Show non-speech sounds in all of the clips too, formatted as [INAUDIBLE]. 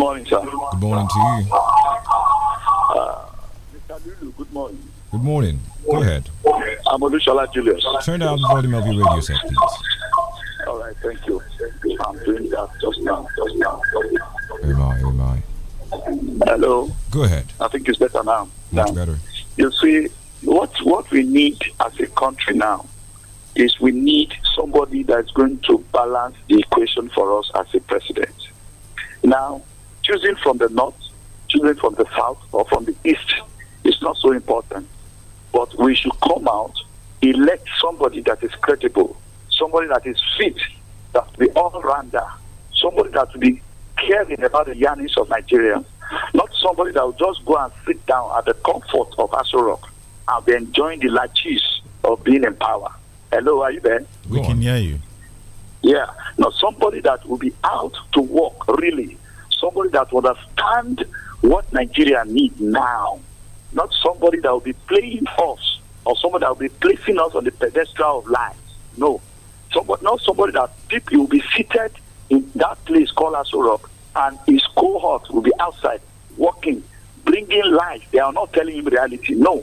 morning, sir. Good morning to you. Uh, Mr. Lulu, good morning. Good morning. Go ahead. I'm Odushala Julius. Turn down the volume of your radio set, please. All right, thank you. I'm doing that just now. Just now. Oh my, oh my. Hello. Go ahead. I think it's better now. Much now. better. You see, what what we need as a country now is we need somebody that's going to balance the equation for us as a president. Now, choosing from the north, choosing from the south, or from the east is not so important. But we should come out, elect somebody that is credible, somebody that is fit, that we all all rounder, somebody that will be caring about the yearnings of Nigeria, not somebody that will just go and sit down at the comfort of Asorok and be enjoying the laches of being in power. Hello, are you there? We can hear you. Yeah. Now, somebody that will be out to work, really, somebody that will understand what Nigeria needs now, not somebody that will be playing us or somebody that will be placing us on the pedestal of lies. No, somebody, not somebody that people will be seated in that place called Aso and his cohort will be outside working, bringing life. They are not telling him reality. No,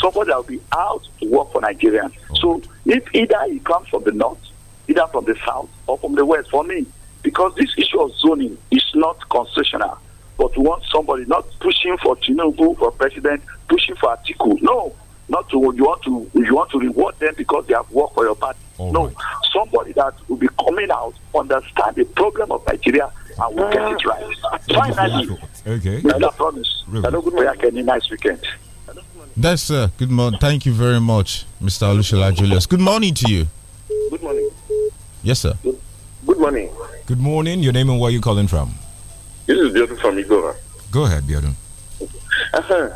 somebody that will be out to work for Nigerians. So if either he comes from the north, either from the south or from the west, for me, because this issue of zoning is not concessional, but we want somebody not pushing for Tinubu for president, pushing for Atiku. No, not to you want to you want to reward them because they have worked for your party. All no, right. somebody that will be coming out understand the problem of Nigeria and will get it right. Finally, okay. I promise. Hello, good morning. Nice weekend. That's uh, good morning. Thank you very much, Mr. Alushala Julius. Good morning to you. Good morning. Yes, sir. Good morning. Good morning. Your name and where you calling from? This is Biodun from Igora. Go ahead, Biodun. Uh,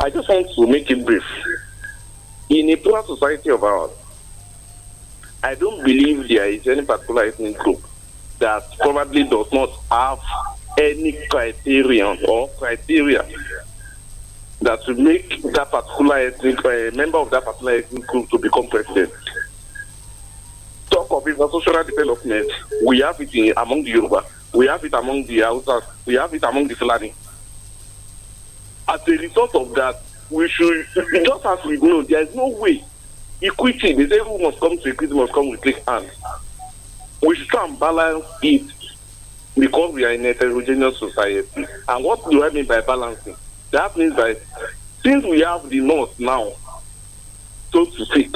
I just want to make it brief. In a plural society of ours, I don't believe there is any particular ethnic group that probably does not have any criterion or criteria that would make that particular ethnic uh, member of that particular ethnic group to become president. talk of infrastructural development, we have it in, among the Yoruba, we have it among the Hausa, we have it among the Fulani. As a result of that, we should, just as we know, there is no way equity, they say who must come to equity must come with quick hands. We should try and balance it because we are in a heterogeneous society. And what do I mean by balancing? That means that since we have the North now, so to speak,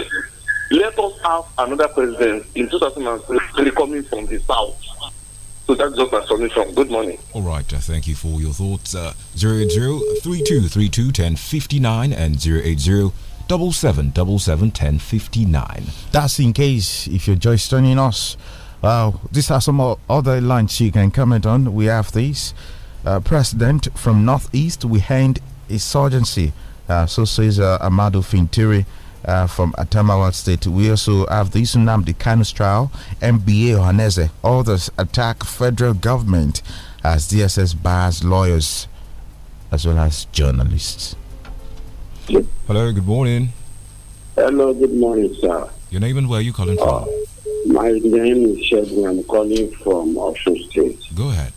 Let us have another president in 2023 coming from the south. So that's just my solution. Good morning. All right. Uh, thank you for your thoughts. Uh, 1059 and 080 double seven double seven ten fifty nine. That's in case if you're just joining us. Uh, these are some other lines you can comment on. We have this uh, president from northeast. We hand insurgency. Uh, so says uh, Amado Fintiri. Uh, from Adamawa State. We also have the Isunam Kanu's trial, MBA Ohaneze. Others attack federal government as DSS bars lawyers as well as journalists. Yes. Hello, good morning. Hello, good morning, sir. Your name and where are you calling uh, from? My name is Sheldon. I'm calling from Osun State. Go ahead.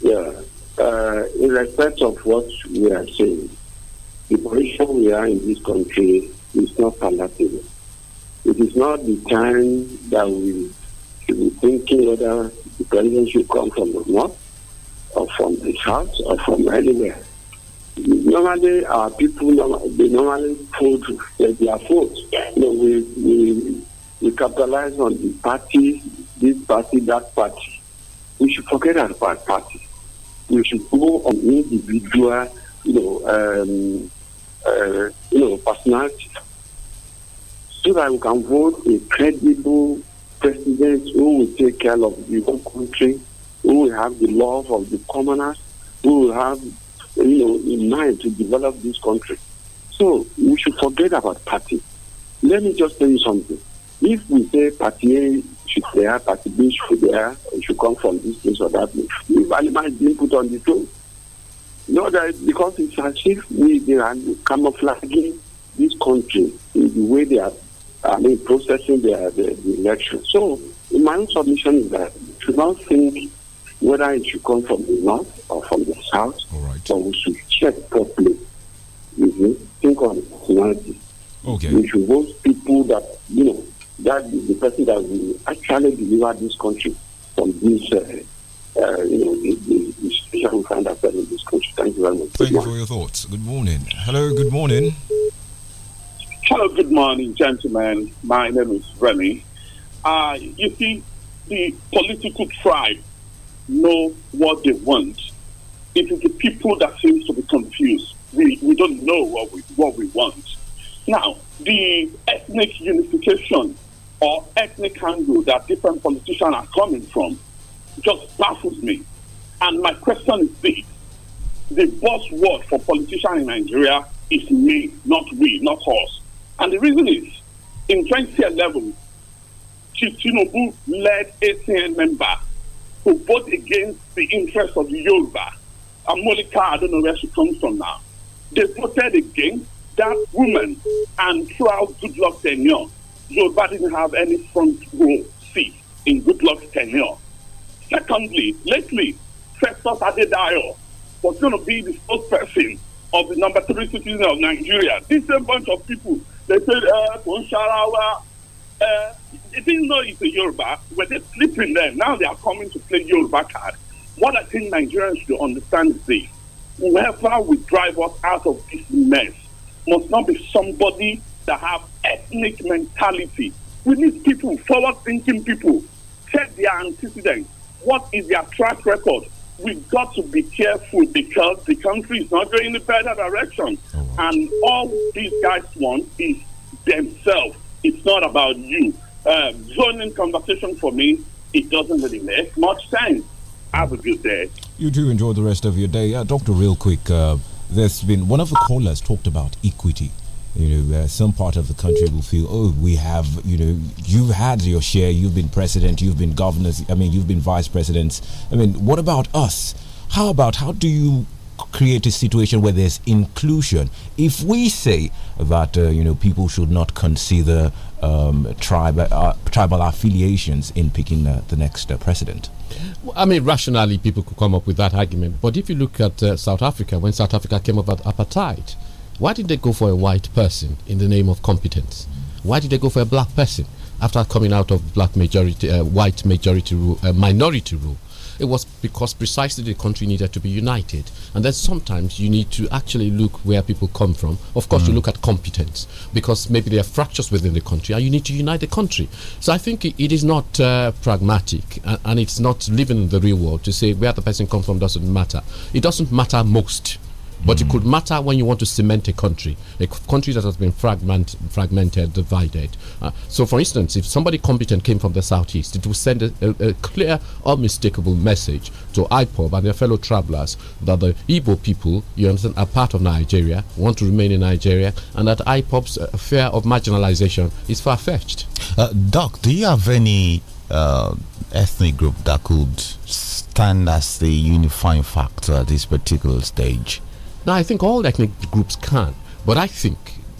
Yeah. Uh, in respect of what we are saying, the position we are in this country is not palatable. It is not the time that we should be thinking whether the president should come from the north or from the house or from anywhere. Normally, our people they normally food their votes. You know, we, we we capitalize on the party, this party, that party. We should forget about party. We should go on individual, you know, um, uh, you know, personality so that we can vote a credible president who will take care of the whole country, who will have the love of the commoners, who will have, you know, in mind to develop this country. So we should forget about party. Let me just tell you something. If we say party A should there, party B should there, should come from this place or that place, if Alima is being put on the throne, no, that because it's as if we they are camouflaging this country in the way they are I mean, processing the, the, the election. So, my own submission is that we should not think whether it should come from the north or from the south, All right. but we should check properly. Mm-hmm. Think on nationality. Okay. We should vote people that, you know, that is the person that will actually deliver this country from this. Uh, uh, you know, the, the, the situation we in this country. Thank you very much. Thank you for your thoughts. Good morning. Hello, good morning. Hello, good morning, gentlemen. My name is Remy. Uh, you see, the political tribe know what they want. It is the people that seems to be confused. We, we don't know what we, what we want. Now, the ethnic unification or ethnic angle that different politicians are coming from just baffles me. And my question is this the buzzword for politicians in Nigeria is me, not we, not us. And the reason is, in 2011, Chief Tinubu led ACN member who voted against the interests of Yoruba. And Molika, I don't know where she comes from now. They voted against that woman and throughout good luck tenure, Yoruba didn't have any front row seat in good luck tenure. Secondly, lately, Festus Adedayo was going to be the spokesperson of the number three citizen of Nigeria. This same bunch of people they said, eh, kò ń ṣara wa. They eh, didn't know it's a Yoruba. Were they sleeping there? Now they are coming to play Yoruba card. What I think Nigerians should understand is this. Whoever will drive us out of this mess must not be somebody that have ethnic mentality. We need people, forward-thinking people. Check their antecedents. What is their track record? we've got to be careful because the country is not going in the better direction. Oh, and all these guys want is themselves. It's not about you. Uh, conversation for me, it doesn't really make much sense. Have a good day. You do enjoy the rest of your day. Uh, doctor, real quick, uh, there's been one of the callers talked about equity you know, uh, some part of the country will feel, oh, we have, you know, you've had your share, you've been president, you've been governors, I mean, you've been vice presidents. I mean, what about us? How about, how do you create a situation where there's inclusion. If we say that uh, you know people should not consider um, tribal uh, tribal affiliations in picking uh, the next uh, president, I mean rationally people could come up with that argument. But if you look at uh, South Africa, when South Africa came up with apartheid, why did they go for a white person in the name of competence? Why did they go for a black person after coming out of black majority, uh, white majority rule, uh, minority rule? It was because precisely the country needed to be united, and then sometimes you need to actually look where people come from. Of course, mm. you look at competence because maybe there are fractures within the country, and you need to unite the country. So I think it is not uh, pragmatic, and it's not living in the real world to say where the person comes from doesn't matter. It doesn't matter most but mm. it could matter when you want to cement a country, a country that has been fragment, fragmented, divided. Uh, so, for instance, if somebody competent came from the southeast, it would send a, a, a clear, unmistakable message to IPOB and their fellow travelers that the Igbo people, you understand, are part of Nigeria, want to remain in Nigeria, and that IPOB's uh, fear of marginalization is far fetched. Uh, Doc, do you have any uh, ethnic group that could stand as the unifying factor at this particular stage? Now, I think all ethnic groups can, but I think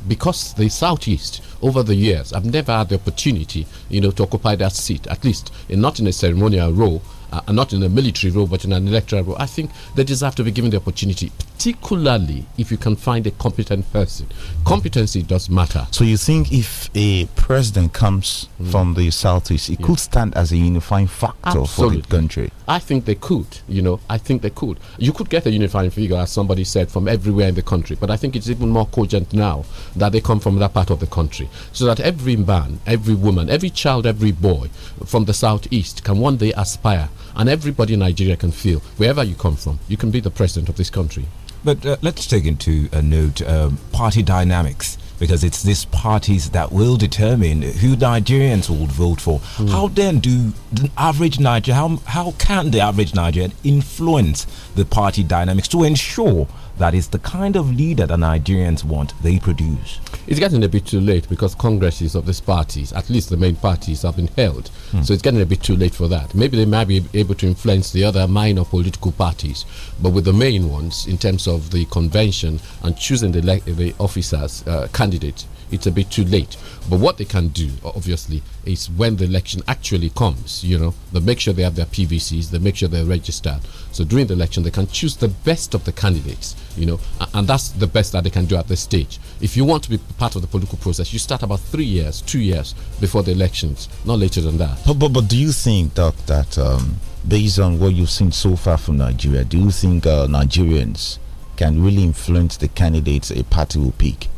because the southeast over the years i've never had the opportunity you know to occupy that seat at least in, not in a ceremonial role uh, not in a military role but in an electoral role i think they deserve to be given the opportunity particularly if you can find a competent person. Competency does matter. So you think if a president comes mm. from the southeast, it could stand as a unifying factor Absolutely. for the country? I think they could. You know, I think they could. You could get a unifying figure, as somebody said, from everywhere in the country. But I think it's even more cogent now that they come from that part of the country, so that every man, every woman, every child, every boy from the southeast can one day aspire, and everybody in Nigeria can feel wherever you come from, you can be the president of this country. But uh, let's take into a uh, note um, party dynamics because it's these parties that will determine who Nigerians will vote for. Mm. How then do the average Nigerian, how, how can the average Nigerian influence the party dynamics to ensure that is the kind of leader that Nigerians want they produce. It's getting a bit too late because congresses of these parties, at least the main parties, have been held. Hmm. So it's getting a bit too late for that. Maybe they might be able to influence the other minor political parties, but with the main ones, in terms of the convention and choosing the, the officers, uh, candidates, it's a bit too late. But what they can do, obviously, is when the election actually comes, you know, they make sure they have their PVCs, they make sure they're registered. So during the election, they can choose the best of the candidates, you know, and that's the best that they can do at this stage. If you want to be part of the political process, you start about three years, two years before the elections, not later than that. But, but, but do you think, Doc, that um, based on what you've seen so far from Nigeria, do you think uh, Nigerians can really influence the candidates a party will pick?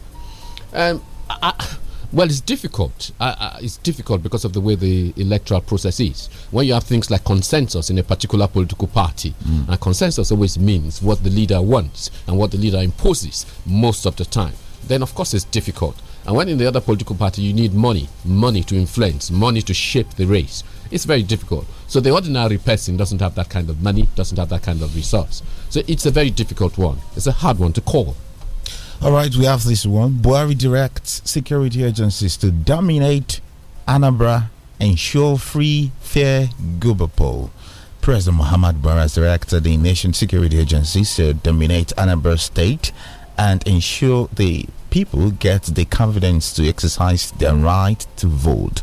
Um, well, it's difficult. Uh, it's difficult because of the way the electoral process is. When you have things like consensus in a particular political party, mm. and consensus always means what the leader wants and what the leader imposes most of the time, then of course it's difficult. And when in the other political party, you need money, money to influence, money to shape the race. It's very difficult. So the ordinary person doesn't have that kind of money, doesn't have that kind of resource. So it's a very difficult one. It's a hard one to call. All right, we have this one. Buari directs security agencies to dominate Anambra, ensure free, fair Gubapol. President Muhammad Buhari has directed the nation security agencies to dominate Anambra state and ensure the people get the confidence to exercise their right to vote.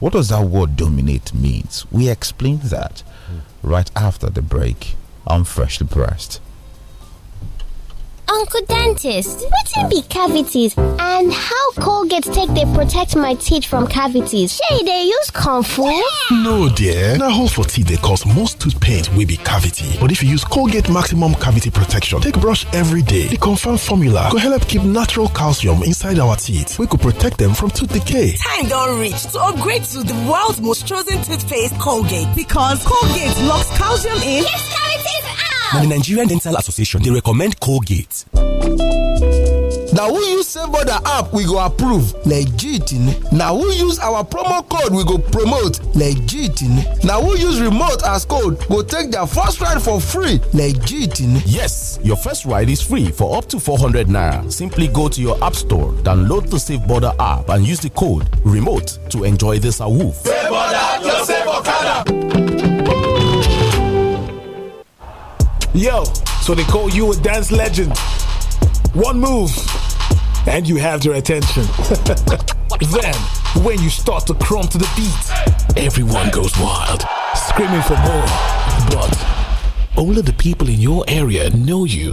What does that word dominate means? We explain that hmm. right after the break. I'm freshly pressed. Uncle Dentist, can be cavities and how Colgate take they protect my teeth from cavities? Shey they dey use comfort? No dear, Now, hole for teeth they cause most tooth pain will be cavity. But if you use Colgate maximum cavity protection take brush every day, the confirmed formula could help keep natural calcium inside our teeth We could protect them from tooth decay. Time don't reach to upgrade to the world's most chosen toothpaste Colgate because Colgate locks calcium in. Yes, now, the Nigerian Dental Association, they recommend Colgate. Now, who use save border app we go approve legit Now, who use our promo code we go promote legit Now, who use remote as code go take their first ride for free legit yes your first ride is free for up to 400 naira simply go to your app store download the save border app and use the code remote to enjoy this awoof. your save Yo, so they call you a dance legend. One move, and you have their attention. [LAUGHS] then, when you start to crumb to the beat, everyone goes wild, screaming for more. But only the people in your area know you.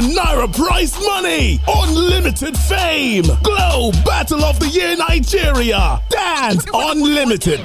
million naira prize money, unlimited fame, Glow Battle of the Year Nigeria, Dance Unlimited.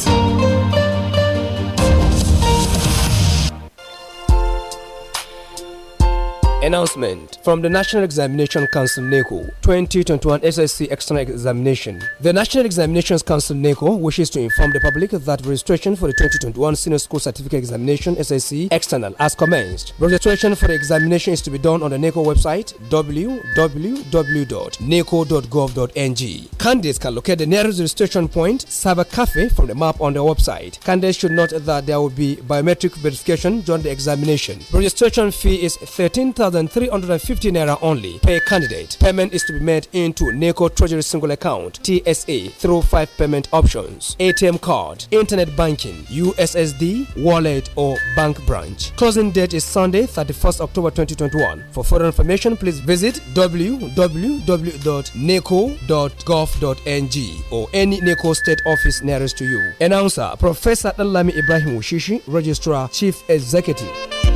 Announcement from the National Examination Council NECO 2021 SSC External Examination. The National Examinations Council NECO wishes to inform the public that registration for the 2021 Senior School Certificate Examination SSC External has commenced. Registration for the examination is to be done on the NECO website www.neco.gov.ng. Candidates can locate the nearest registration point, Cyber Cafe, from the map on the website. Candidates should note that there will be biometric verification during the examination. Registration fee is 13,000 1,350 naira only per candidate. Payment is to be made into NECO Treasury Single Account TSA through five payment options ATM card, internet banking, USSD, wallet, or bank branch. Closing date is Sunday, 31st October 2021. For further information, please visit www.neco.gov.ng or any NECO state office nearest to you. Announcer Professor Alami Ibrahim Ushishi, Registrar Chief Executive.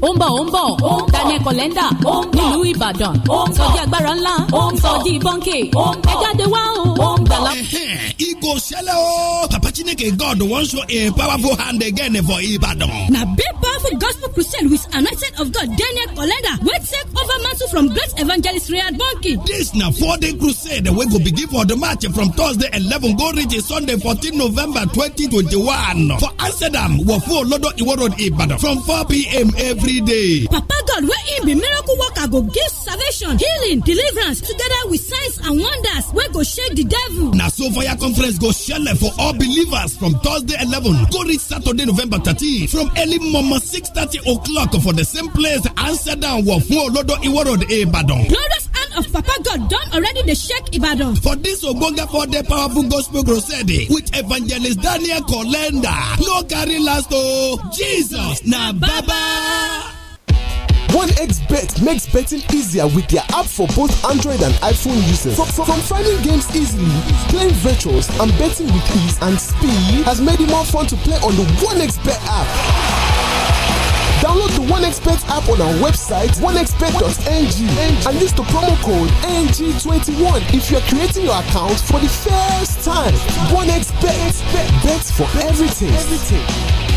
ó ń bọ̀ ó ń bọ̀ Daniel Kolenda nílùú Ìbàdàn sọjí agbára ńlá sọjí bọ́ńkì ẹ jáde wá o gbàlá. [LAUGHS] Igo ṣẹlẹ̀ o. Papa Chineke God wan show a powerful hand again for Ibadan. Na big powerful gospel crusade with anointing of God Daniel Kolenda wey take over mantle from great evangelist Riyad Bonki. Dis na four day crusade wey go begin for the march from Thursday eleven go reach Sunday fourteen November twenty twenty one for Amsterdam Wofo Olodo Iwo Road Ibadan from four pm every every day. Papa God where Him be miracle worker go give salvation, healing, deliverance together with signs and wonders Where go shake the devil. Na so fire conference go shele for all believers from Thursday 11 go reach Saturday November 13 from early morning 6:30 o'clock for the same place Answer down wọ fún Olodo Iwo Road, Ibadan. Lọ́dọ̀ of Papa God don already dey shake Ibadan. For dis ogbonge four day powerful gospel crusade with evangelist Daniel Kolenda no carry last o, oh, Jesus na Baba. 1xbet makes betting easier with their app for both Android and iPhone users. From, from, from, finding games easily, playing virtuals, and betting with ease and speed has made it more fun to play on the 1xbet app. Download the OneXpert app on our website, onexpert.ng, and use the promo code NG21 if you are creating your account for the first time. OneXpert, bets for everything. everything.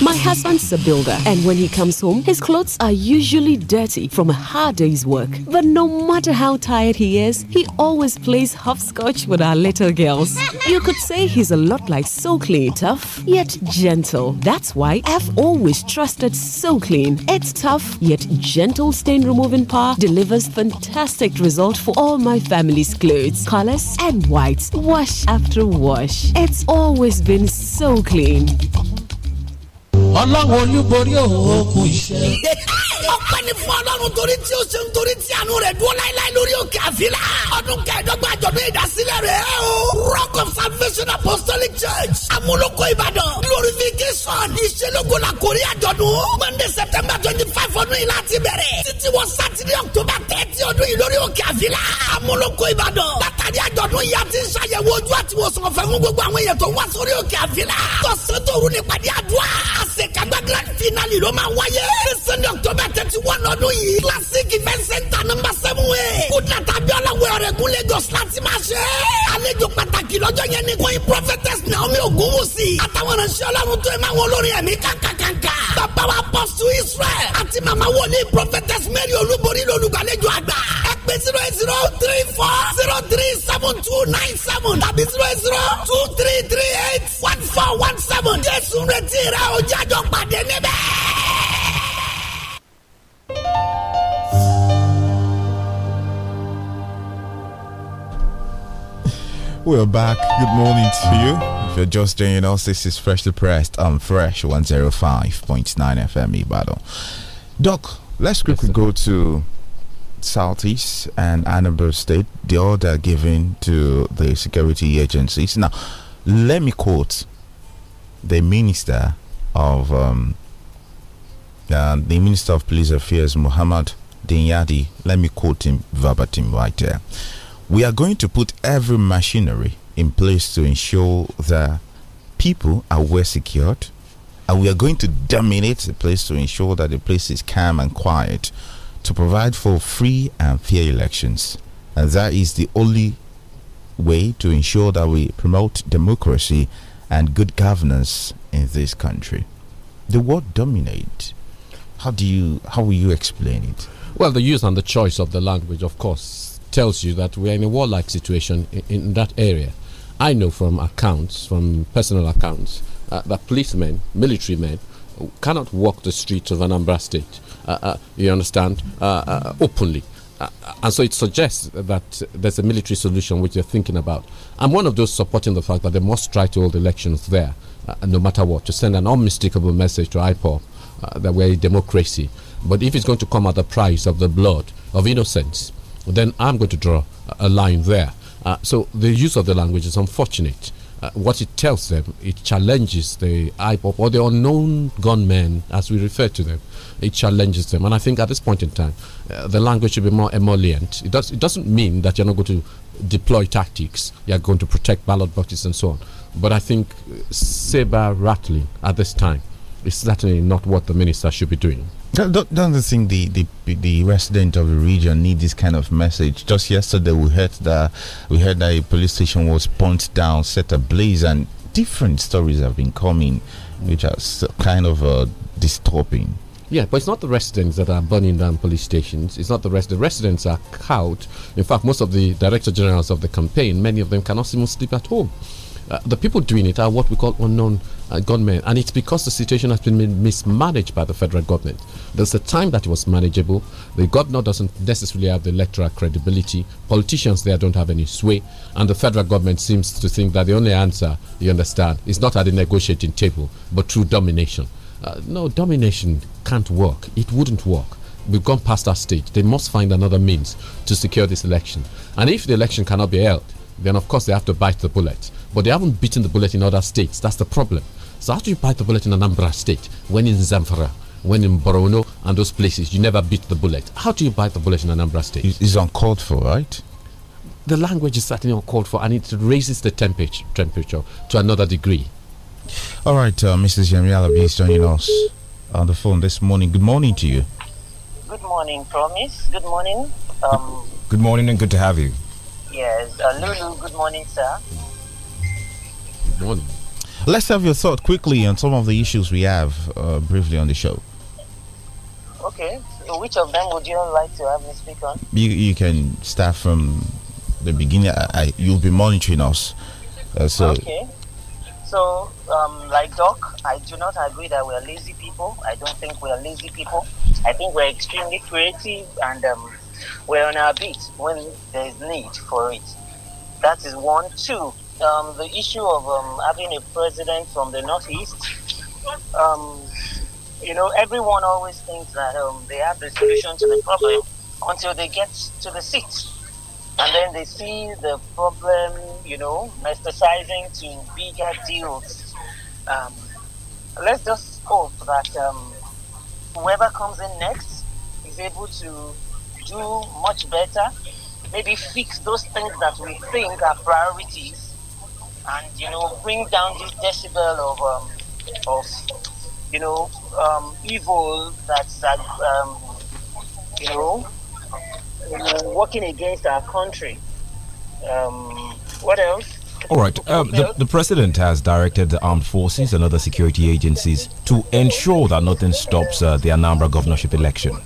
My husband's a builder, and when he comes home, his clothes are usually dirty from a hard day's work. But no matter how tired he is, he always plays hopscotch with our little girls. You could say he's a lot like So Clean, tough yet gentle. That's why I've always trusted So Clean. It's tough yet gentle stain removing power delivers fantastic results for all my family's clothes, colors, and whites. Wash after wash. It's always been so clean. ọlọ́run olúborí òkú iṣẹ́. ọpẹ́ ni fún ọlọ́run torí tí ó ṣe ń torí tí àánú rẹ̀ dúró láéláé lórí òkè àfilà. ọdún kẹẹ̀dọ́gba àjọ̀dún ìdásílẹ̀ rẹ̀ o. rock of salvation apostolic church amúlòkọ ìbàdàn glorification ìṣelógo la kórí àjọ̀dún. monday september twenty five ọdún yìí láti bẹ̀rẹ̀. títí wọ sátidé october thirty ọdún yìí lórí òkè àfilà. amúlòkọ ìbàdàn látàrí àjọ̀dún yìí àti ṣàyẹ̀wò ojú àti wòsàn àṣekágbá grand finale ló máa wáyé. sunday october thirty one ọdún yìí classic event center number seven way. kúndà tàbí ọlọ́wẹ̀ ọ̀rẹ́gun lagos láti máa ṣe. àlejò pàtàkì lọ́jọ́ yẹn ni kò í prophetess naomi ogunwusi. àtàwọn ìránṣẹ́ ọlọ́run tó ẹ máa wọ olórin ẹ̀mí kàkàkàkà. bàbá wa apostle israel àti màmá wòlíì prophetess mary olúborí lolùgbàlejò àgbà. ẹ pè zero zero three four zero three seven two nine seven tàbí zero zero two three three eight one four one seven. jésù retí rẹ pade pàdé níbẹ̀. We're back. Good morning to you. If you're just joining us, this is Freshly Pressed am Fresh 105.9 FM Ibadan. Doc, let's quickly yes, go to Southeast and Anambra State, the order given to the security agencies. Now, let me quote the minister of um, uh, the minister of police affairs, Muhammad Dinyadi. Let me quote him verbatim right there. We are going to put every machinery in place to ensure that people are well secured, and we are going to dominate the place to ensure that the place is calm and quiet to provide for free and fair elections. And that is the only way to ensure that we promote democracy and good governance in this country. The word dominate, how do you how will you explain it? Well, the use and the choice of the language, of course, tells you that we are in a warlike situation in, in that area. I know from accounts, from personal accounts, uh, that policemen, military men, cannot walk the streets of Anambra State. Uh, uh, you understand uh, uh, openly. Uh, and so it suggests that there's a military solution which they're thinking about. I'm one of those supporting the fact that they must try to hold elections there, uh, no matter what, to send an unmistakable message to IPO uh, that we're a democracy. But if it's going to come at the price of the blood of innocence, then I'm going to draw a line there. Uh, so the use of the language is unfortunate. Uh, what it tells them, it challenges the IPOP or the unknown gunmen, as we refer to them, it challenges them. And I think at this point in time, uh, the language should be more emollient. It, does, it doesn't mean that you're not going to deploy tactics, you're going to protect ballot boxes and so on. But I think uh, saber rattling at this time is certainly not what the minister should be doing. Don't, don't you think the, the the resident of the region need this kind of message? Just yesterday, we heard that we heard that a police station was burnt down, set ablaze, and different stories have been coming, which are kind of uh, disturbing. Yeah, but it's not the residents that are burning down police stations. It's not the rest. The residents are cowed. In fact, most of the director generals of the campaign, many of them cannot even sleep at home. Uh, the people doing it are what we call unknown uh, gunmen, and it's because the situation has been mismanaged by the federal government. There's a time that it was manageable. The governor doesn't necessarily have the electoral credibility. Politicians there don't have any sway, and the federal government seems to think that the only answer, you understand, is not at the negotiating table, but through domination. Uh, no, domination can't work. It wouldn't work. We've gone past that stage. They must find another means to secure this election. And if the election cannot be held, then of course they have to bite the bullet. But they haven't bitten the bullet in other states. That's the problem. So how do you bite the bullet in Anambra State when in Zamfara? when in Borono and those places, you never beat the bullet. How do you bite the bullet in Anambra State? It's uncalled for, right? The language is certainly uncalled for, and it raises the temperature, temperature to another degree. All right, uh, Mrs. Yamiala please joining us on the phone this morning. Good morning to you. Good morning, Promise. Good morning. Um, good morning and good to have you. Yes. Uh, Lulu, good morning, sir. Good morning. Let's have your thought quickly on some of the issues we have uh, briefly on the show. Okay. So which of them would you like to have me speak on? You, you can start from the beginning. I, I, you'll be monitoring us. Uh, so okay. So, um, like Doc, I do not agree that we're lazy people. I don't think we're lazy people. I think we're extremely creative and um, we're on our beat when there's need for it. That is one. Two, um, the issue of um, having a president from the Northeast, um, you know, everyone always thinks that um, they have the solution to the problem until they get to the seat and then they see the problem, you know, metastasizing to bigger deals. Um, let's just hope that um, whoever comes in next is able to do much better, maybe fix those things that we think are priorities, and you know, bring down this decibel of um, of you know um, evil that's uh, um, you know working against our country. Um, what else? All right. Um, the, the, president has directed the armed forces and other security agencies to ensure that nothing stops uh, the Anambra governorship election.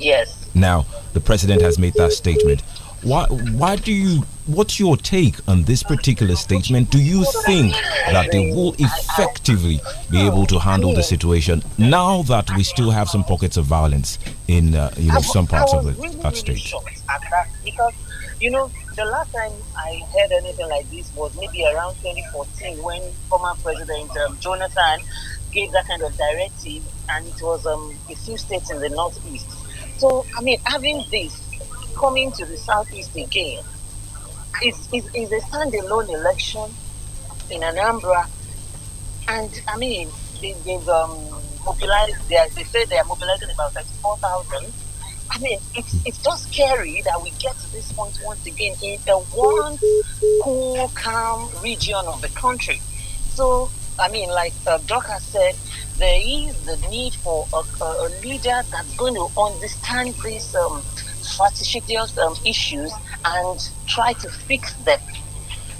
Yes. Now, the president has made that statement why why do you what's your take on this particular statement do you think that they will effectively be able to handle the situation now that we still have some pockets of violence in uh, you know some parts of the, that state because you know the last time i heard anything like this was maybe around 2014 when former president um, jonathan gave that kind of directive and it was um, a few states in the northeast so i mean having this coming to the southeast again. It's, it's, it's a standalone election in Anambra, and I mean, they, have um, mobilized, they, they say they are mobilizing about 34,000. I mean, it's, it's just scary that we get to this point once again in the one cool, calm region of the country. So, I mean, like uh, Doc has said, there is the need for a, a leader that's going to understand this um, fastidious um, issues and try to fix them.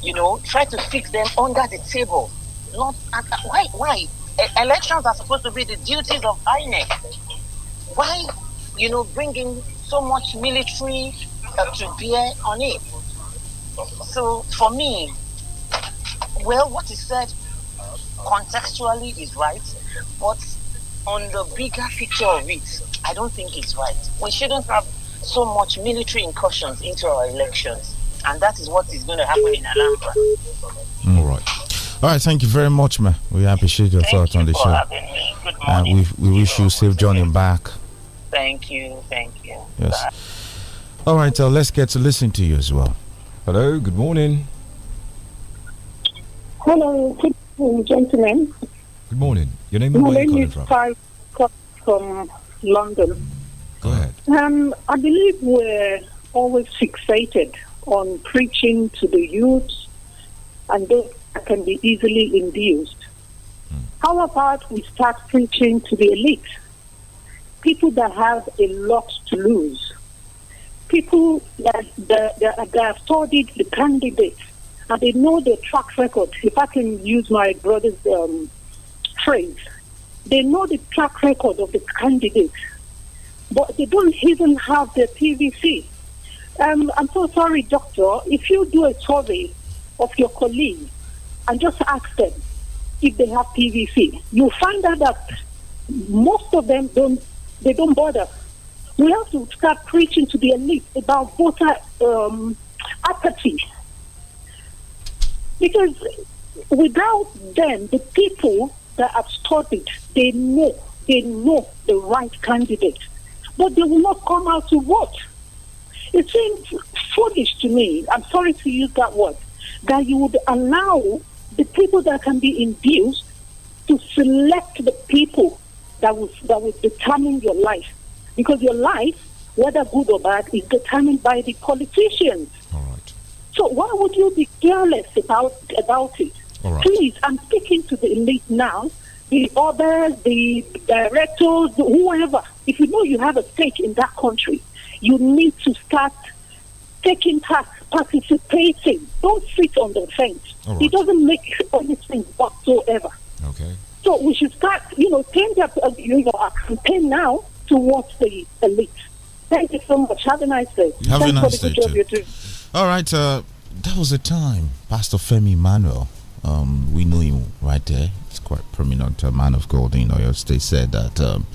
You know, try to fix them under the table. Not uh, why? Why e- elections are supposed to be the duties of INEC. Why, you know, bringing so much military uh, to bear on it? So for me, well, what is said contextually is right, but on the bigger picture of it, I don't think it's right. We shouldn't have so much military incursions into our elections. And that is what is going to happen in Alhambra. All right. All right, thank you very much, ma. We appreciate your thoughts on the show. and uh, we, we wish you safe journey back. Thank you, thank you. Yes. Bye. All right, uh, let's get to listen to you as well. Hello, good morning. Hello, good morning, gentlemen. Good morning. Your name and where you calling from? from London. Go ahead. Um, I believe we're always fixated on preaching to the youth, and they can be easily induced. Mm. How about we start preaching to the elite? People that have a lot to lose. People that, that, that, that have studied the candidates and they know their track record. If I can use my brother's um, phrase, they know the track record of the candidates but they don't even have the PVC. Um, I'm so sorry, doctor. If you do a survey of your colleagues and just ask them if they have PVC, you find out that most of them don't. They don't bother. We have to start preaching to the elite about voter um, apathy, because without them, the people that have studied, they know they know the right candidate but they will not come out to vote. It seems foolish to me, I'm sorry to use that word, that you would allow the people that can be induced to select the people that will, that will determine your life. Because your life, whether good or bad, is determined by the politicians. All right. So why would you be careless about, about it? All right. Please, I'm speaking to the elite now the others, the directors, whoever, if you know you have a stake in that country, you need to start taking part, participating. Don't sit on the fence. Right. It doesn't make anything whatsoever. Okay. So we should start, you know, change up, uh, you know, our campaign now towards the elite. Thank you so much. Have a nice day. Have Thanks a nice day too. All right. Uh, that was the time, Pastor Femi Manuel. Um, we knew him right there quite prominent uh, man of God in Oyo State, said that um,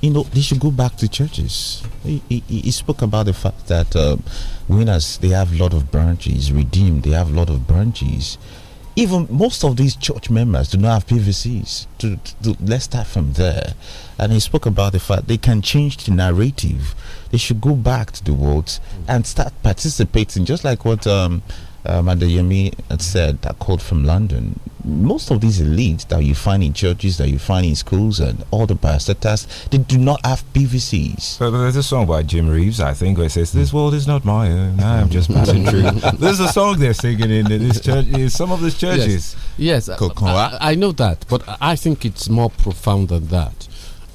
you know they should go back to churches. He, he, he spoke about the fact that uh, winners they have a lot of branches, redeemed they have a lot of branches. Even most of these church members do not have PVCs. To, to, to, let's start from there. And he spoke about the fact they can change the narrative. They should go back to the world and start participating, just like what. Um, um, uh, Adeyemi had said that quote from London. Most of these elites that you find in churches, that you find in schools, and all the pastors, they do not have PVCs. So there's a song by Jim Reeves, I think, where it says, "This world is not my own; I am just passing through." [LAUGHS] there's a song they're singing in this church, in some of these churches. Yes, yes I, I know that, but I think it's more profound than that.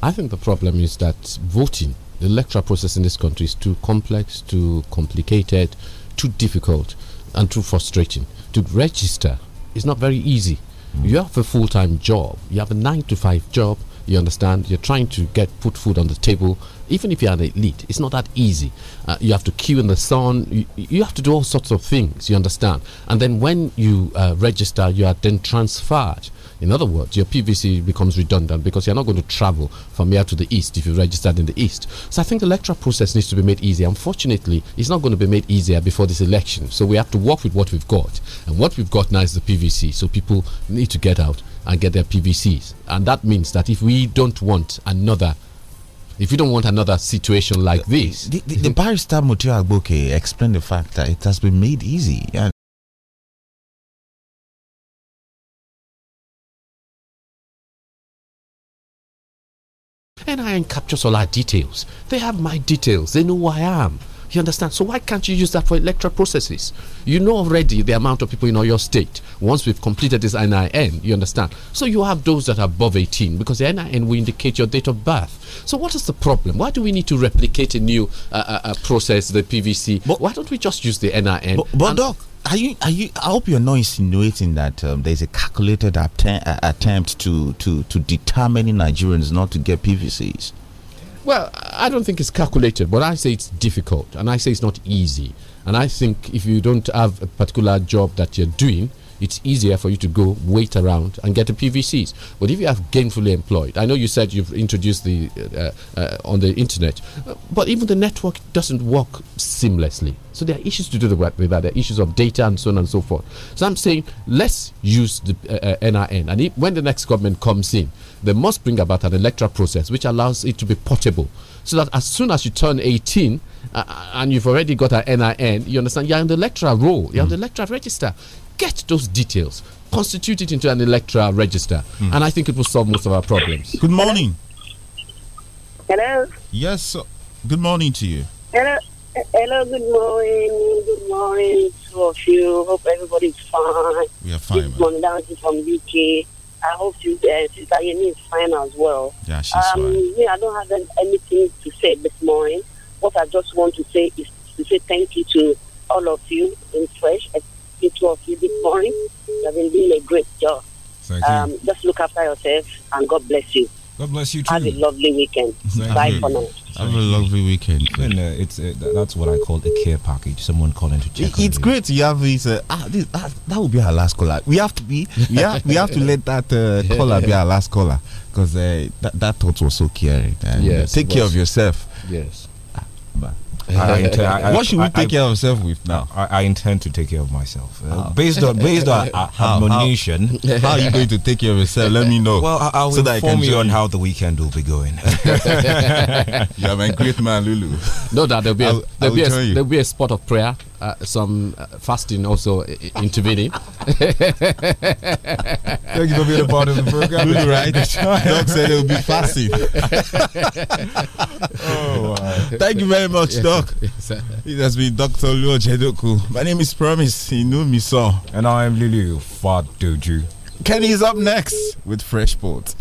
I think the problem is that voting, the electoral process in this country, is too complex, too complicated, too difficult and too frustrating. To register is not very easy. Mm. You have a full time job, you have a nine to five job, you understand, you're trying to get put food on the table even if you are an elite, it's not that easy. Uh, you have to queue in the sun. You, you, have to do all sorts of things. You understand? And then when you uh, register, you are then transferred. In other words, your PVC becomes redundant because you're not going to travel from here to the east if you registered in the east. So I think the electoral process needs to be made easier. Unfortunately, it's not going to be made easier before this election. So we have to work with what we've got. And what we've got now is the PVC. So people need to get out and get their PVCs. And that means that if we don't want another if you don't want another situation like this. The, the, the barrister Mutio Agboke explained the fact that it has been made easy. And NIN captures all our details. They have my details. They know who I am. You understand? So why can't you use that for electoral processes? You know already the amount of people in your state. Once we've completed this NIN, you understand? So you have those that are above 18 because the NIN will indicate your date of birth. So what is the problem? Why do we need to replicate a new uh, uh, uh process, the PVC? But, why don't we just use the NIN? But, but Doc, are you are you I hope you're not insinuating that um, there's a calculated uh, attempt to to to determine Nigerians not to get PVCs. Well, I don't think it's calculated, but I say it's difficult and I say it's not easy. And I think if you don't have a particular job that you're doing, it's easier for you to go wait around and get the PVCs. But if you have gainfully employed, I know you said you've introduced the uh, uh, on the internet, uh, but even the network doesn't work seamlessly. So there are issues to do with that. There are issues of data and so on and so forth. So I'm saying let's use the uh, NRN, uh, and if, when the next government comes in, they must bring about an electoral process which allows it to be portable, so that as soon as you turn 18. Uh, uh and you've already got an NIN, you understand, you're in the electoral roll, you're mm. on the electoral register get those details, constitute it into an electoral register, mm. and I think it will solve most of our problems. Good morning. Hello. Yes. Good morning to you. Hello. Hello, good morning. Good morning to all of you. Hope everybody's fine. We are fine. This one down from UK. I hope you, uh, Sister Yemi is fine as well. Yeah, she's um, fine. Yeah, I don't have anything to say this morning. What I just want to say is to say thank you to all of you in Fresh, speak to of you this morning. You have been doing a great job. Thank um, you. Just look after yourself and God bless you. God bless you too. Have a lovely weekend. Thank Bye you. for now. Have a lovely weekend. And uh, it's uh, that's what I call a care package. Someone calling to check. it's great to have this. Uh, ah, this ah, that would be our last caller. We have to be. We have we have to let that uh, [LAUGHS] caller be our last caller because uh, that that thought was so caring. And, uh, yes, take care of yourself. Yes. I, I, I, what should we take care of ourselves with now? I, intend to take care of myself uh, based on based on harmonization. Uh, how, admonition. [LAUGHS] How, are you going to take care of yourself? Let me [LAUGHS] know. Well, I, will so inform you on how the weekend will be going. [LAUGHS] yeah, my great man, Lulu. No, that there'll be a, there'll, be a, there'll be a spot of prayer uh, some uh, fasting also intervening. Thank you for being a part of the program. Good, right? Doc said it will be fasting. [LAUGHS] oh, wow. Thank you very much, yes, Doc. Yes, it has been Dr. Luo Jedoku. My name is Promise so. And I am Lulu Kenny is up next with Fresh Port.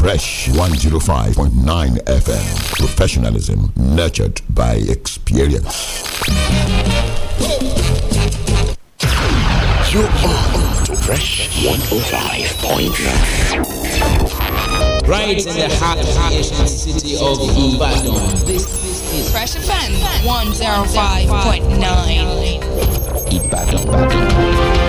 Fresh 105.9 FM. Professionalism nurtured by experience. You are to Fresh 105.9. Right in the heart of the city of Ibadan. This is Fresh FM 105.9. Ibadan.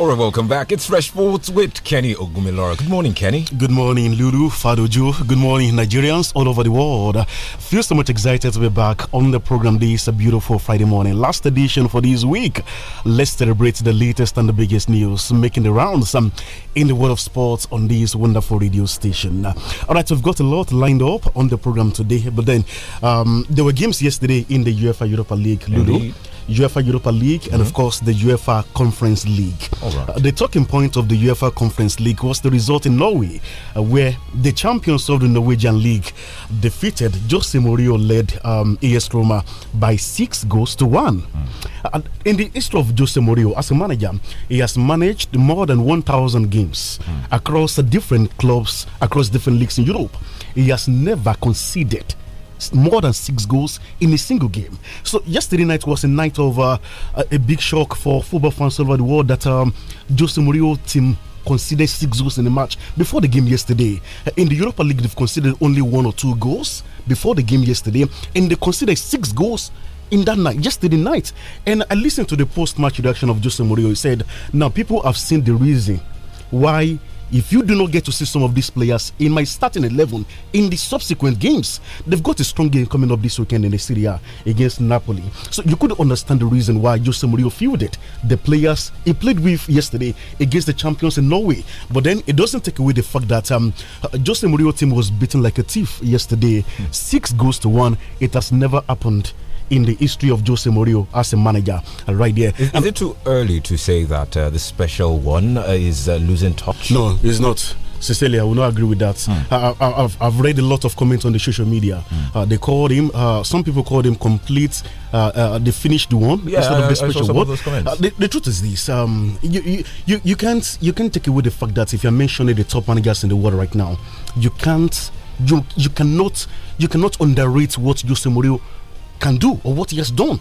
All right, welcome back. It's Fresh Sports with Kenny Ogumilora. Good morning, Kenny. Good morning, Lulu, Fadoju. Good morning, Nigerians all over the world. I feel so much excited to be back on the program this a beautiful Friday morning. Last edition for this week. Let's celebrate the latest and the biggest news making the rounds in the world of sports on this wonderful radio station. All right, we've got a lot lined up on the program today, but then um, there were games yesterday in the UEFA Europa League, Lulu. Indeed. UEFA Europa League and, mm -hmm. of mm-hmm. course, the UEFA Conference League. Uh, the talking point of the UEFA Conference League was the result in Norway, uh, where the champions of the Norwegian League defeated Jose Mourinho led um, AS Roma by six goals to one. Mm. in the history of Jose Mourinho as a manager, he has managed more than 1,000 games mm. across different clubs, across different leagues in Europe. He has never conceded more than six goals in a single game. So yesterday night was a night of uh, a big shock for football fans all over the world that um, Jose Mourinho team conceded six goals in the match before the game yesterday. In the Europa League, they've conceded only one or two goals before the game yesterday, and they conceded six goals in that night, yesterday night. And I listened to the post match reaction of Jose Mourinho. He said, Now people have seen the reason why if you do not get to see some of these players in my starting 11 in the subsequent games, they've got a strong game coming up this weekend in the Serie against Napoli. So you could understand the reason why Jose Mourinho fielded the players he played with yesterday against the champions in Norway. But then it doesn't take away the fact that um, Jose Mourinho team was beaten like a thief yesterday. Mm. Six goals to one. It has never happened in the history of Jose Mourinho as a manager. Uh, right there. Is, is, it too early to say that uh, the special one uh, is uh, losing touch? No, it's not. Cecilia, I will not agree with that. Mm. I, have I've read a lot of comments on the social media. Mm. Uh, they called him, uh, some people called him complete, uh, uh the finished one yeah, instead I, of the special one. The, the, truth is this um, you, you, you, can't, you can't take away the fact that if you're mentioning the top managers in the world right now, you can't you you cannot you cannot underrate what Jose Mourinho can do or what he has done.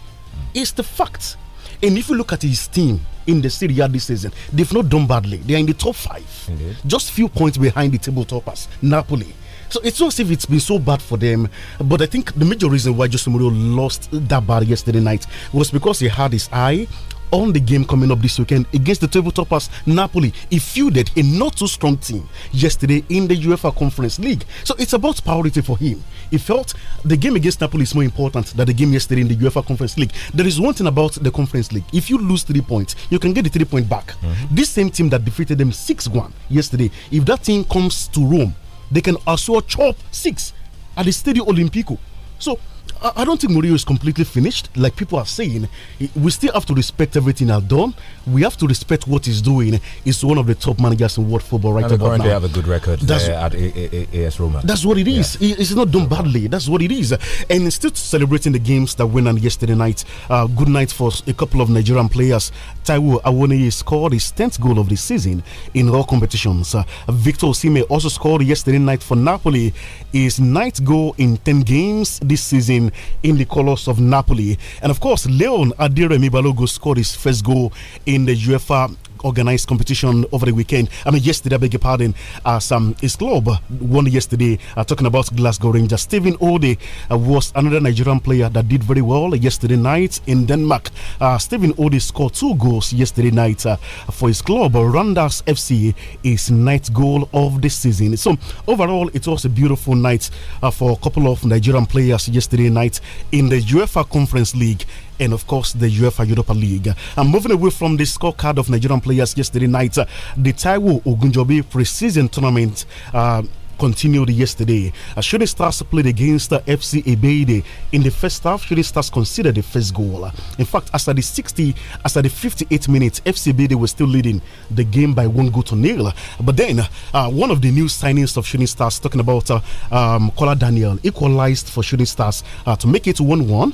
It's the fact. And if you look at his team in the Serie A this season, they've not done badly. They are in the top five, Indeed. just few points behind the table toppers, Napoli. So it's not as if it's been so bad for them, but I think the major reason why Jose Mourinho lost that battle yesterday night was because he had his eye on the game coming up this weekend against the tabletoppers Napoli. He fielded a not too strong team yesterday in the UEFA Conference League. So it's about priority for him. He felt the game against Napoli is more important than the game yesterday in the UEFA Conference League. There is one thing about the Conference League. If you lose three points, you can get the three point back. Mm -hmm. This same team that defeated them 6-1 yesterday, if that team comes to Rome, they can also chop six at the Stadio Olimpico. So I don't think Mourinho is completely finished. Like people are saying, we still have to respect everything I've done. We have to respect what he's doing. He's one of the top managers in world football right and about now. They have a good record that's, at AS Roma. That's what it is. Yeah. It's not done badly. That's what it is. And still celebrating the games that went on yesterday night. Uh, good night for a couple of Nigerian players. Taiwo Awoniyi scored his 10th goal of the season in all competitions. Uh, Victor Osime also scored yesterday night for Napoli. His ninth goal in 10 games this season in the colours of Napoli. And of course, Leon Adiremi Balogo scored his first goal in the UEFA organized competition over the weekend. I mean, yesterday, I beg your pardon, uh, um, some his club won yesterday, uh, talking about Glasgow Rangers. Stephen Ode uh, was another Nigerian player that did very well yesterday night in Denmark. Uh, Stephen Ode scored two goals yesterday night uh, for his club. Randers FC is ninth goal of the season. So, overall, it was a beautiful night uh, for a couple of Nigerian players yesterday night in the UEFA Conference League and of course the UEFA Europa League. I'm moving away from the scorecard of Nigerian players yesterday night. The Taiwo Ogunjobi preseason tournament uh, continued yesterday. Uh, Shooting Stars played against uh, FC Ebeide. In the first half, Shooting Stars conceded the first goal. Uh, in fact, after the 60, after the 58 minutes, FC Ebeide was still leading the game by one goal to nil. But then, uh, one of the new signings of Shooting Stars, talking about uh, um, Kola Daniel, equalized for Shooting Stars uh, to make it 1 1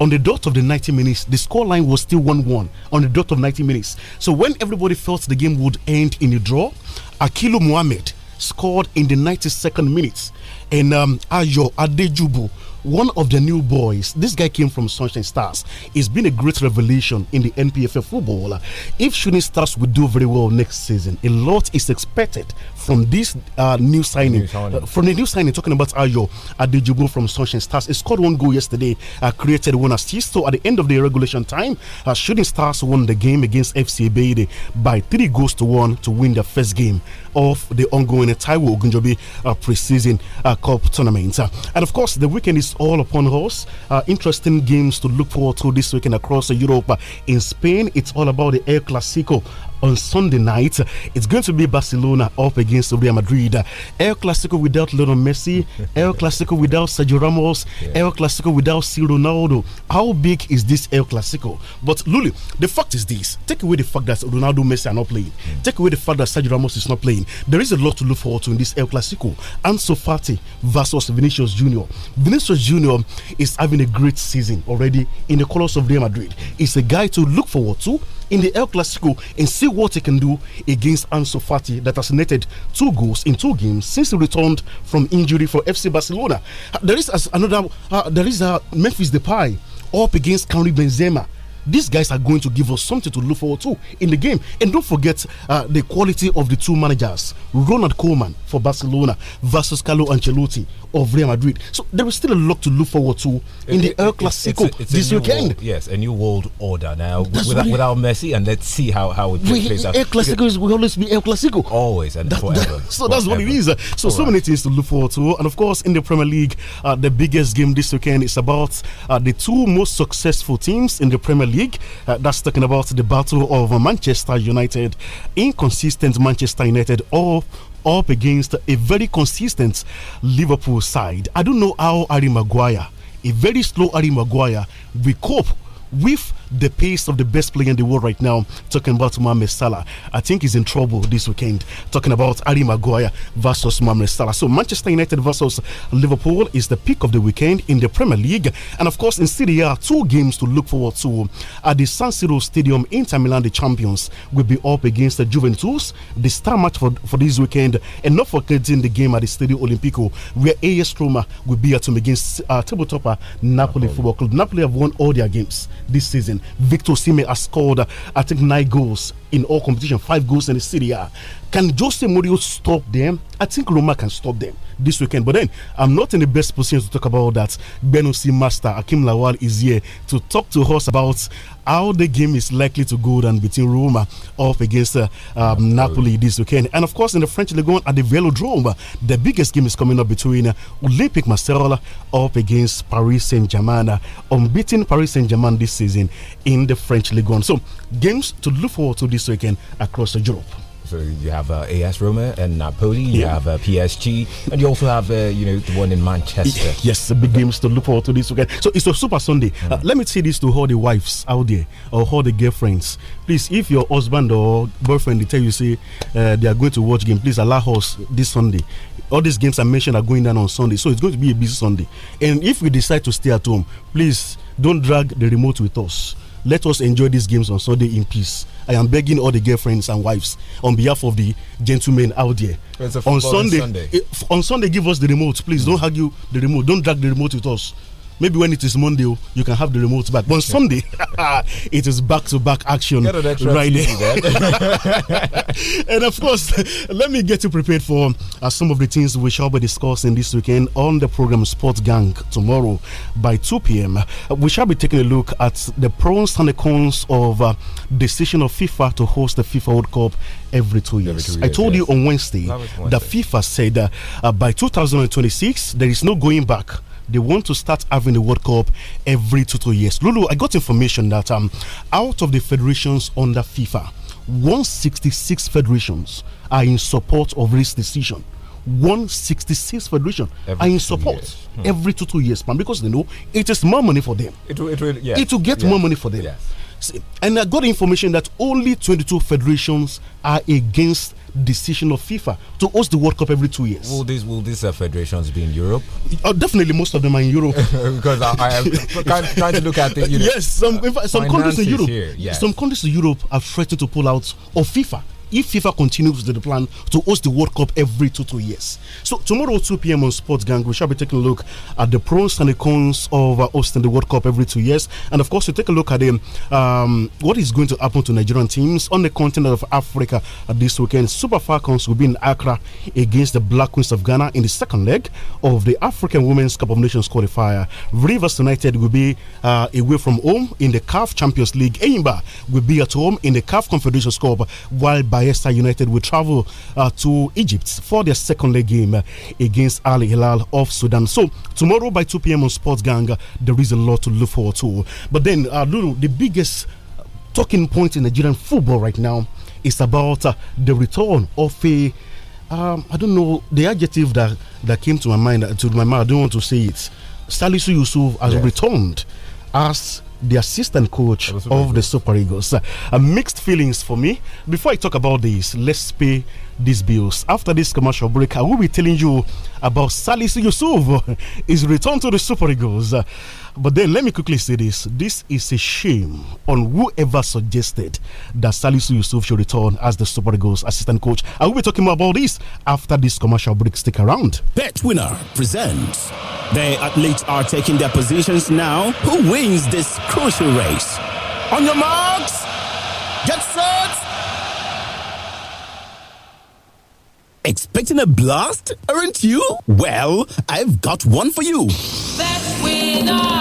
on the dot of the 90 minutes, the score line was still 1 1 on the dot of 90 minutes. So when everybody felt the game would end in a draw, Akilu Muhammad scored in the 92nd minute. And um, Ayo Adejubu, one of the new boys, this guy came from Sunshine Stars. It's been a great revelation in the NPFL football. If Shooting Stars will do very well next season, a lot is expected from this uh, new signing, new signing. Uh, from the new signing, talking about Ayo Adejubo from Sunshine Stars. He scored one goal yesterday, uh, created one assist. So at the end of the regulation time, uh, Shooting Stars won the game against FC Beide by three goals to one to win the first game of the ongoing Taiwo Ogunjobi uh, preseason uh, cup tournament. Uh, and of course, the weekend is all upon us. interesting games to look forward to this weekend across Europe. in Spain, it's all about the El Clasico on Sunday night. It's going to be Barcelona up against Real Madrid. El Clasico without Lionel Messi, [LAUGHS] El Clasico without Sergio Ramos, yeah. El Clasico without C. Ronaldo. How big is this El Clasico? But Lulu, the fact is this take away the fact that Ronaldo Messi are not playing, mm. take away the fact that Sergio Ramos is not playing. There is a lot to look forward to in this El Clasico. Ansu Fati versus Vinicius Jr. Vinicius Jr. is having a great season already in the colors of Real Madrid. It's a guy to look forward to in the El Clasico and see what he can do against Ansu Fati that has netted two goals in two games since he returned from injury for FC Barcelona. Uh, there is another, uh, there is a uh, Memphis Depay up against Karim Benzema these guys are going to give us something to look forward to in the game. And don't forget uh, the quality of the two managers, Ronald Koeman for Barcelona versus Carlo Ancelotti of Real Madrid. So there is still a lot to look forward to in it, the El Clasico it's, it's this weekend. World, yes, a new world order now That's without, without Messi, and let's see how how it plays out. El Clasico is, will always be El Clasico. Always and that, forever. That, so that's what it is. So, so many things to look forward to. And of course, in the Premier League, uh, the biggest game this weekend is about uh, the two most successful teams in the Premier League League. Uh, that's talking about the battle of Manchester United, inconsistent Manchester United, all up against a very consistent Liverpool side. I don't know how Harry Maguire, a very slow Harry Maguire, will cope with the pace of the best player in the world right now, talking about Mohamed Salah. I think he's in trouble this weekend, talking about Harry Maguire versus Mohamed Salah. So Manchester United versus Liverpool is the pick of the weekend in the Premier League. And of course, in Serie A, two games to look forward to. At the San Siro Stadium, Inter Milan, the champions, will be up against the Juventus, the star match for, for this weekend. And not forgetting the game at the Stadio Olimpico, where AS Roma will be at home against uh, table topper Napoli Football Club. Napoli have won all their games this season season, Victor Sime has scored, uh, I think, nine goals in all competition, five goals in the Serie Can Jose Mourinho stop them? I think Roma can stop them this weekend. But then I'm not in the best position to talk about that. Benusi Master Akim Lawal is here to talk to us about how the game is likely to go down between Roma up against uh, um, Napoli this weekend. And of course, in the French League One at the Velodrome, the biggest game is coming up between uh, Olympic Marseille up against Paris Saint Germain. Uh, unbeaten Paris Saint Germain this season in the French League One. So, games to look forward to this weekend across Europe. So you have uh, AS Roma and Napoli, you yeah. have uh, PSG, and you also have uh, you know the one in Manchester. Yes, big games to look forward to this weekend. So it's a Super Sunday. Mm. Uh, let me say this to all the wives out there or all the girlfriends. Please, if your husband or boyfriend they tell you say uh, they are going to watch game, please allow us this Sunday. All these games I mentioned are going down on Sunday, so it's going to be a busy Sunday. And if we decide to stay at home, please don't drag the remote with us let us enjoy these games on Sunday in peace. I am begging all the girlfriends and wives on behalf of the gentlemen out there. On Sunday, Sunday. Eh, on Sunday, give us the remote, please. Mm. Don't argue the remote. Don't drag the remote with us. Maybe when it is Monday, oh, you can have the remote back. But on Sunday, [LAUGHS] it is back to back action right [LAUGHS] and of course, let me get you prepared for uh, some of the things we shall be discussing this weekend on the program Sports Gang tomorrow by 2 p.m. We shall be taking a look at the pros and the cons of uh, decision of FIFA to host the FIFA World Cup every two years. Every two years I told yes. you on Wednesday that, Wednesday. that FIFA said uh, by 2026 there is no going back they want to start having the World Cup every two, two years. Lulu, I got information that um, out of the federations under FIFA, 166 federations are in support of this decision. 166 federation every are in support hmm. every two two years, man, because they know it is more money for them. It will, it will, yes. it will get yes. more money for them. Yes. And I got information that only 22 federations are against decision of FIFA to host the World Cup every two years. Will these will these uh, federations be in Europe? Uh, definitely, most of them are in Europe. [LAUGHS] because I, I am [LAUGHS] trying, to look at the you know, yes, some some countries in Europe, here, yes. some countries in Europe are threatened to pull out of FIFA if FIFA continues with the plan to host the World Cup every two two years. So tomorrow 2 p.m. on Sports Gang, we shall be taking a look at the pros and the cons of uh, hosting the World Cup every two years, and of course we take a look at um, what is going to happen to Nigerian teams on the continent of Africa this weekend. Super Falcons will be in Accra against the Black Queens of Ghana in the second leg of the African Women's Cup of Nations qualifier. Rivers United will be uh, away from home in the CAF Champions League. Eimba will be at home in the CAF Confederation Cup, while Bayesta United will travel uh, to Egypt for their second leg game uh, against Al Hilal of Sudan. So, tomorrow by 2 p.m. on Sports Gang, uh, there is a lot to look forward to. But then, uh, Lulu, the biggest talking point in Nigerian football right now is about uh, the return of a um, I don't know the adjective that that came to my mind to my mind. I don't want to say it. Salisu Yusuf has returned as the assistant coach oh, the of the Super Eagles. Uh, mixed feelings for me. Before I talk about this, let's pay these bills. After this commercial break, I will be telling you about Salisu Yusuf, [LAUGHS] his return to the Super Eagles. Uh, but then let me quickly say this this is a shame on whoever suggested that Salisu Yusuf should return as the Super Eagles assistant coach. I will be talking about this after this commercial break. Stick around. Bet Winner presents. The athletes are taking their positions now. Who wins this crucial race? On your marks, get set. Expecting a blast, aren't you? Well, I've got one for you. Best winner.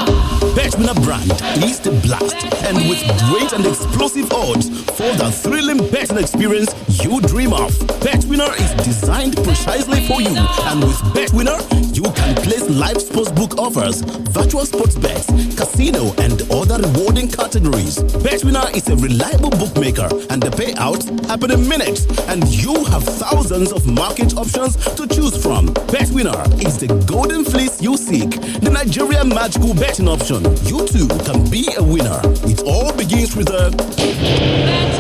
Betwinner brand is the blast. And with great and explosive odds for the thrilling betting experience you dream of. Betwinner is designed precisely for you. And with Betwinner, you can place live sports book offers, virtual sports bets, casino, and other rewarding categories. Betwinner is a reliable bookmaker, and the payouts happen in minutes. And you have thousands of market options to choose from. Betwinner is the golden fleece you seek, the Nigerian magical betting option you too can be a winner. It all begins with a. Let's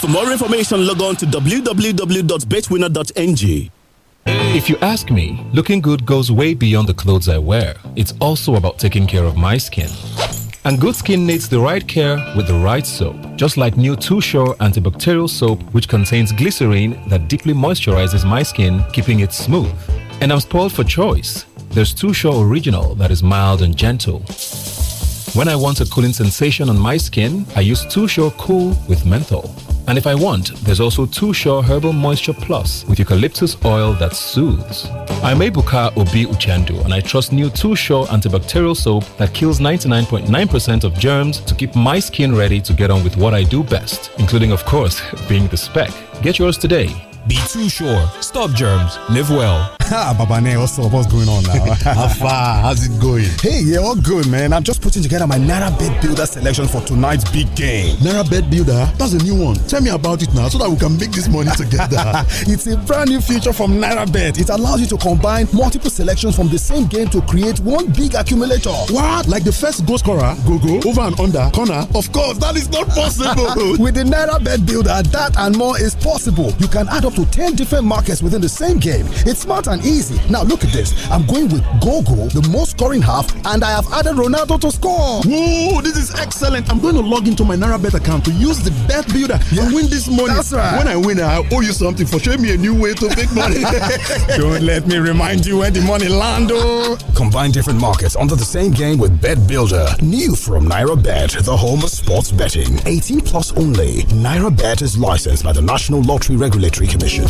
For more information, log on to www.betwinner.ng. If you ask me, looking good goes way beyond the clothes I wear. It's also about taking care of my skin. And good skin needs the right care with the right soap. Just like new Too Sure antibacterial soap, which contains glycerine that deeply moisturizes my skin, keeping it smooth. And I'm spoiled for choice. There's Too Short Original that is mild and gentle. When I want a cooling sensation on my skin, I use Too Short Cool with menthol. And if I want, there's also Too Shore Herbal Moisture Plus with eucalyptus oil that soothes. I'm Ebuka Obi Uchendu and I trust new Too Shore antibacterial soap that kills 99.9% percent of germs to keep my skin ready to get on with what I do best, including, of course, [LAUGHS] being the spec. Get yours today. Be Too Sure. Stop germs. Live well. Ah, Babane, what's up? What's going on now? [LAUGHS] How far? How's it going? Hey, yeah, all good, man. I'm just putting together my Naira Bed Builder selection for tonight's big game. Naira Bed Builder? That's a new one. Tell me about it now so that we can make this money together. [LAUGHS] it's a brand new feature from Naira Bet. It allows you to combine multiple selections from the same game to create one big accumulator. What? Like the first goal scorer, go go, over and under, corner? Of course, that is not possible. [LAUGHS] With the Naira Bet Builder, that and more is possible. You can add up to 10 different markets within the same game. It's smart and and easy. Now look at this. I'm going with Gogo, the most scoring half, and I have added Ronaldo to score. Whoa, this is excellent. I'm going to log into my NaraBet account to use the bet builder yeah. and win this money. That's right. When I win, I owe you something for showing me a new way to make money. [LAUGHS] [LAUGHS] Don't let me remind you where the money lando. Oh. Combine different markets onto the same game with Bet Builder. New from NaraBet, the home of sports betting. 18 plus only. NaraBet is licensed by the National Lottery Regulatory Commission.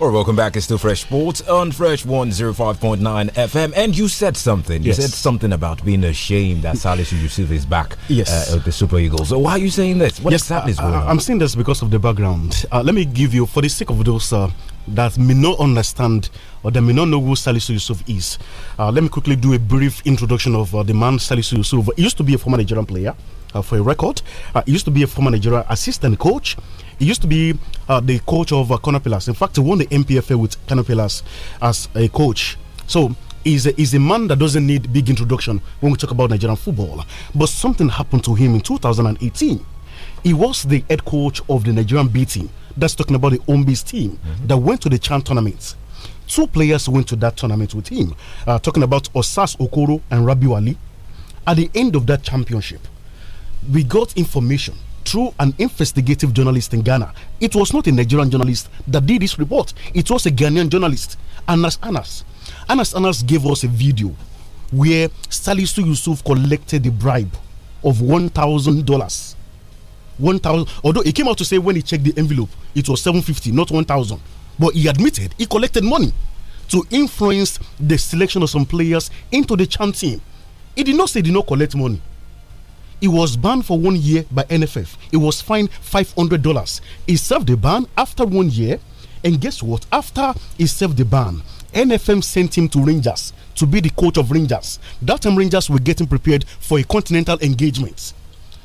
Or welcome back. It's still Fresh Sports on Fresh 105.9 FM. And you said something. Yes. You said something about being ashamed that Salisu Yusuf is back [LAUGHS] yes. Uh, at the Super Eagles. So why are you saying this? What yes, exactly is uh, I'm saying this because of the background. Uh, let me give you, for the sake of those uh, that may not understand or that may not know who Salisu Yusuf is, uh, let me quickly do a brief introduction of uh, the man Salisu Yusuf. He used to be a former Nigerian player for a record. he used to be a former Nigerian assistant coach. He used to be uh, the coach of uh, Canopilas. In fact, he won the MPFA with Canopilas as a coach. So is a, is a man that doesn't need big introduction when we talk about Nigerian football. But something happened to him in 2018. He was the head coach of the Nigerian B team. That's talking about the Ombis team mm -hmm. that went to the Chan tournament. Two players went to that tournament with him. Uh, talking about Osas Okoro and Rabiu Ali. At the end of that championship, we got information through an investigative journalist in Ghana. It was not a Nigerian journalist that did this report, it was a Ghanaian journalist, Anas Anas. Anas Anas gave us a video where Salisu Yusuf collected the bribe of $1,000. 1000 although he came out to say when he checked the envelope it was 750 not 1000 but he admitted he collected money to influence the selection of some players into the chant team he did not say he did not collect money he was banned for one year by NFF. He was fined $500. He served the ban after one year. And guess what? After he served the ban, NFM sent him to Rangers to be the coach of Rangers. That time, Rangers were getting prepared for a continental engagement.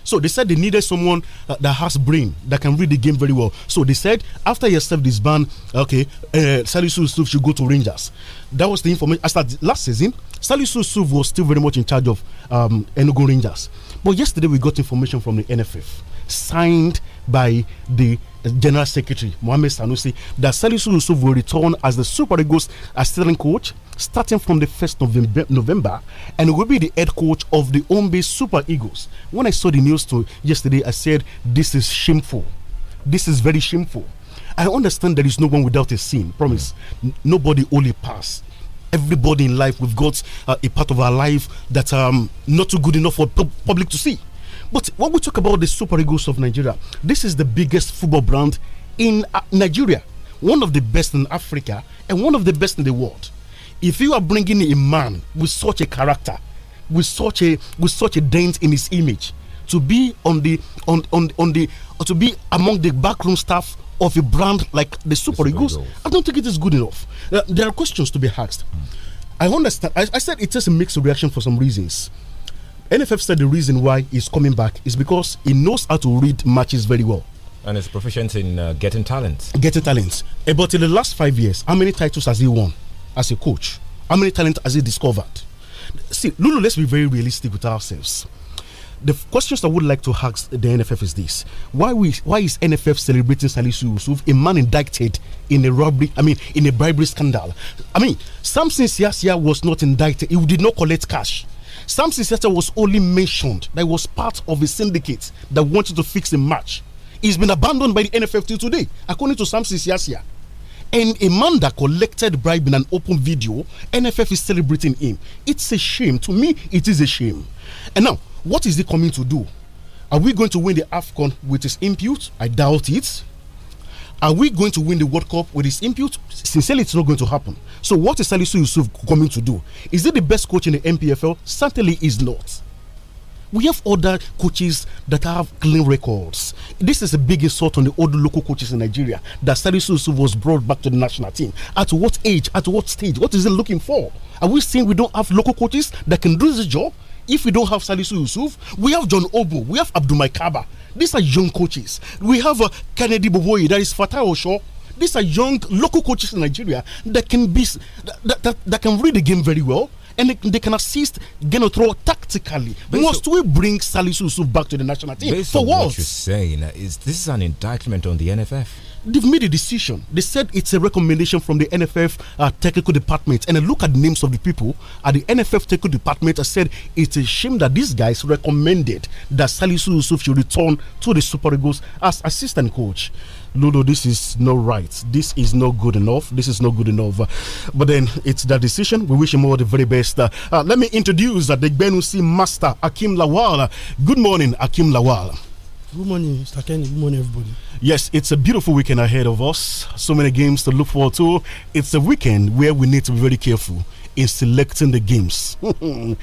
So they said they needed someone uh, that has brain that can read the game very well. So they said after he served this ban, okay, uh, Salisu Yusuf should go to Rangers. That was the information. After last season, Salisu Yusuf was still very much in charge of um, Enugu Rangers. But yesterday we got information from the NFF, signed by the General Secretary Mohamed Sanusi, that Salisu Yusuf will return as the Super Eagles assistant coach starting from the 1st November and will be the head coach of the Ombe Super Eagles. When I saw the news to yesterday, I said, This is shameful. This is very shameful. I understand there is no one without a sin, promise. Mm. Nobody only pass everybody in life, we've got uh, a part of our life that's um, not too good enough for public to see. But when we talk about the Super Eagles of Nigeria, this is the biggest football brand in uh, Nigeria, one of the best in Africa, and one of the best in the world. If you are bringing a man with such a character, with such a with such a dent in his image, to be on the on on on the to be among the backroom staff of a brand like the Super Eagles, I don't think it is good enough. Uh, there are questions to be asked. Mm. I understand. I, I said it's just a mixed reaction for some reasons. NFF said the reason why he's coming back is because he knows how to read matches very well. And is proficient in uh, getting talent. Getting talent. Eh, but in the last five years, how many titles has he won as a coach? How many talent has he discovered? See, Lulu, let's be very realistic with ourselves the questions I would like to ask the NFF is this: Why we why is NFF celebrating Salisu Yusuf, a man indicted in a robbery? I mean, in a bribery scandal. I mean, Samson Siasia was not indicted; he did not collect cash. Samson Siasia was only mentioned that was part of a syndicate that wanted to fix a match. He's been abandoned by the NFF till today, according to Samson Siasia and a man that collected bribe in an open video, NFF is celebrating him. It's a shame. To me, it is a shame. And now, what is he coming to do? Are we going to win the AFCON with his impute? I doubt it. Are we going to win the World Cup with his impute? Sincerely, it's not going to happen. So, what is Salisu Yusuf coming to do? Is he the best coach in the MPFL? Certainly is not. We have other coaches that have clean records. This is a big insult on the old local coaches in Nigeria that Salisu Yusuf was brought back to the national team. At what age? At what stage? What is he looking for? Are we saying we don't have local coaches that can do this job? If we don't have Salisu Yusuf, we have John Obo, we have Abdul Kaba. These are young coaches. We have uh, Kennedy Boboyi, that is Fatah Osho. These are young local coaches in Nigeria that can be that, that, that can read the game very well and they, they, can assist Genotro tactically. Based Must we bring Salisu Yusuf back to the national team? Based for on what? what you're saying, uh, is this is an indictment on the NFF? they've made a decision. They said it's a recommendation from the NFF uh, technical department. And I look at the names of the people at the NFF technical department. I said it's a shame that these guys recommended that Salisu Yusuf should return to the Super Eagles as assistant coach. Ludo, this is no right. This is not good enough. This is not good enough. Uh, but then it's that decision. We wish him all the very best. Uh, let me introduce uh, the Benusi master, Akim Lawal. Good morning, Akim Lawal. Good morning, Mr. Kenny. Good morning, everybody. Yes, it's a beautiful weekend ahead of us. So many games to look forward to. It's a weekend where we need to be very careful in selecting the games. [LAUGHS] Yanu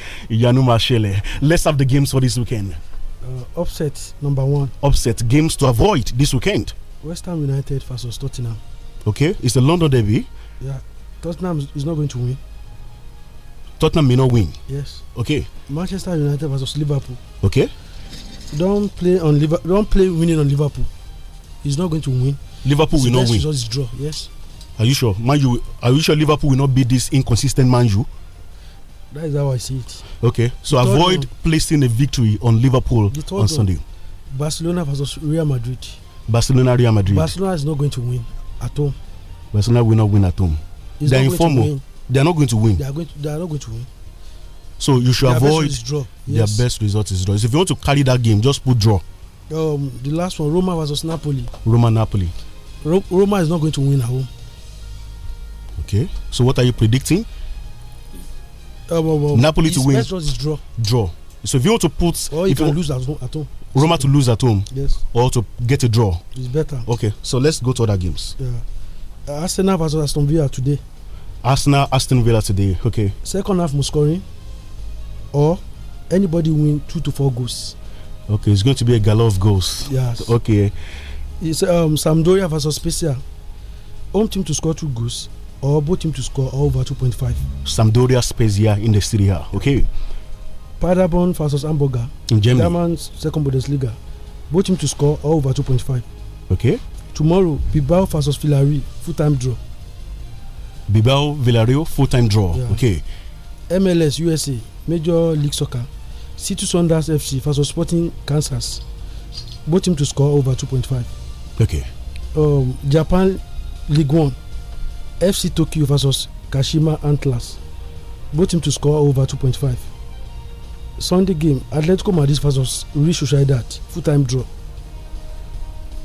Mashele, let's have the games for this weekend. Uh, upset number one. Upset games to avoid this weekend. West Ham United versus Tottenham. Okay, it's the London derby. Yeah, Tottenham is not going to win. Tottenham may not win. Yes. Okay. Manchester United versus Liverpool. Okay. Don't play on Liverpool. Don't play winning on Liverpool. He's not going to win. Liverpool His will not win. Result is draw. Yes. Are you sure, Man you, Are you sure Liverpool will not beat this inconsistent Man That is how I see it. Okay, so the avoid placing a victory on Liverpool on Sunday. Barcelona versus Real Madrid. Barcelona, Real Madrid. Barcelona is not going to win at home. Barcelona will not win at home. they are They are not going to win. They are, going to, they are not going to win. So you should their avoid best draw. Yes. their best result is draw. So if you want to carry that game, just put draw. Um, the last one, Roma versus Napoli. Roma Napoli. Ro Roma is not going to win at home. Okay. So what are you predicting? Um, well, um, um, Napoli to win. Best is draw. Draw. So if you want to put, or if you lose at home, at home. Roma to lose at home. Yes. Or to get a draw. It's better. Okay. So let's go to other games. Yeah. Uh, Arsenal versus Aston Villa today. Arsenal, Aston Villa today. Okay. Second half, scoring or anybody win two to four goals. Okay, it's going to be a gallop of goals. Yes. Okay. It's um, Sampdoria versus Spezia. Home team to score two goals, or both team to score over 2.5. Sampdoria Spezia in the Serie Okay. Paderborn versus Hamburg. In Germany. German second Bundesliga. Both team to score over 2.5. Okay. Tomorrow, Bilbao versus Villarreal, full time draw. Bilbao, Villarreal, full time draw. Yeah. Okay. MLS USA Major League Soccer, City Saunders FC vs Sporting Kansas. Both teams to score over 2.5. Okay. Um, Japan League One, FC Tokyo versus Kashima Antlers. Both teams to score over 2.5. Sunday game, Atletico Madrid vs Real Sociedad, full-time draw.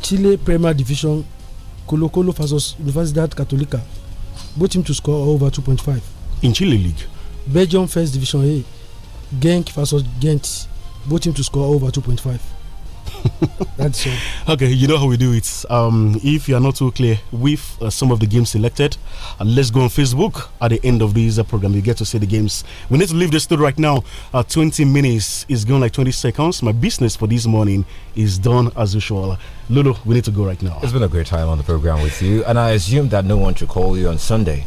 Chile Premier Division, Colo Colo vs Universidad Católica. Both teams to score over 2.5. In Chile League? Belgium First Division A, Genk versus Ghent, both teams to score over 2.5. [LAUGHS] That's all. Okay, you know how we do it. Um, if you are not too clear with uh, some of the games selected, uh, let's go on Facebook at the end of this uh, program. You get to see the games. We need to leave this studio right now. Uh, 20 minutes is gone like 20 seconds. My business for this morning is done as usual. Lulu, we need to go right now. It's been a great time on the program with you, and I assume that no one should call you on Sunday.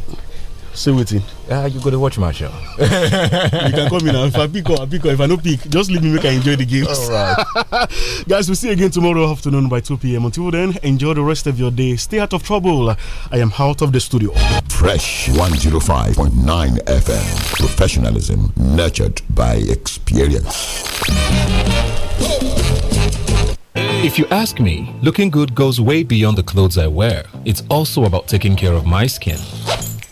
Say waiting. Ah, uh, you gotta watch my show. [LAUGHS] you can come in now. If I pick up, I pick up. If I don't pick, just leave me make I enjoy the games. All right. [LAUGHS] Guys, we'll see you again tomorrow afternoon by 2 p.m. Until then, enjoy the rest of your day. Stay out of trouble. I am out of the studio. Fresh 105.9 FM. Professionalism nurtured by experience. If you ask me, looking good goes way beyond the clothes I wear. It's also about taking care of my skin.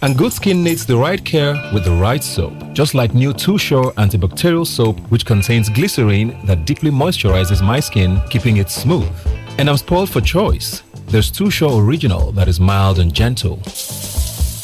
And good skin needs the right care with the right soap. Just like new Too antibacterial soap, which contains glycerine that deeply moisturizes my skin, keeping it smooth. And I'm spoiled for choice. There's Too Original that is mild and gentle.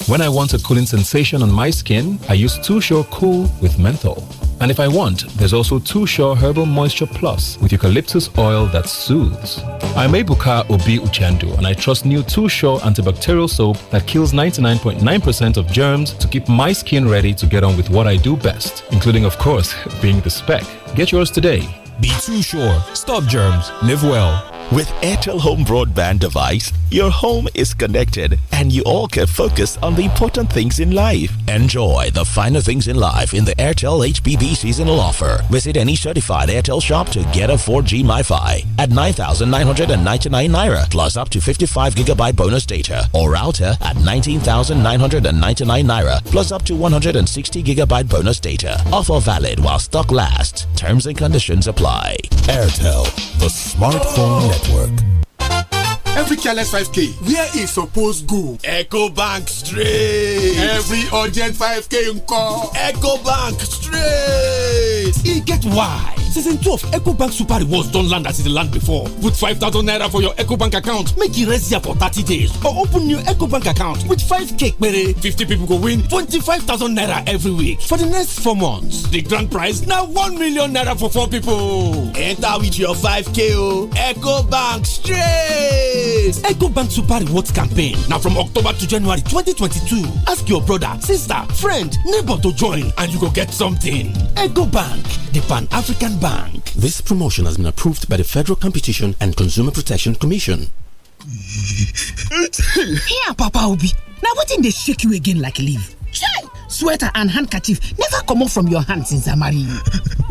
When I want a cooling sensation on my skin, I use Too Sure Cool with menthol. And if I want, there's also Too Sure Herbal Moisture Plus with eucalyptus oil that soothes. I'm Ebuka Obi Uchendu and I trust new Too Sure antibacterial soap that kills 99.9% percent of germs to keep my skin ready to get on with what I do best, including, of course, [LAUGHS] being the spec. Get yours today. Be Too Sure. Stop germs. Live well. With Airtel Home Broadband device, your home is connected and you all can focus on the important things in life. Enjoy the finer things in life in the Airtel HBB seasonal offer. Visit any certified Airtel shop to get a 4G MiFi at 9,999 Naira plus up to 55 gigabyte bonus data or router at 19,999 Naira plus up to 160 gigabyte bonus data. Offer valid while stock lasts. Terms and conditions apply. Airtel, the smartphone Network. every careless 5k where e suppose go Echo bank straight every urgent 5k call, echo bank straight e get why season twelve ecobank super rewards don land as it e land before put five thousand naira for your ecobank account make e rest here for thirty days or open new ecobank account with five k pere fifty people go win twenty-five thousand naira every week for the next four months the grand prize now one million naira for four people. enter with your five k o ecobank straight. ecobank super rewards campaign now from october to january 2022. ask your brother sister friend neighbor to join and you go get something ecobank the pan-african bank. Bank. This promotion has been approved by the Federal Competition and Consumer Protection Commission. [LAUGHS] Here, Papa Obi. Now, what in they shake you again like leaf? Chai! Sweater and handkerchief never come off from your hands since I married you.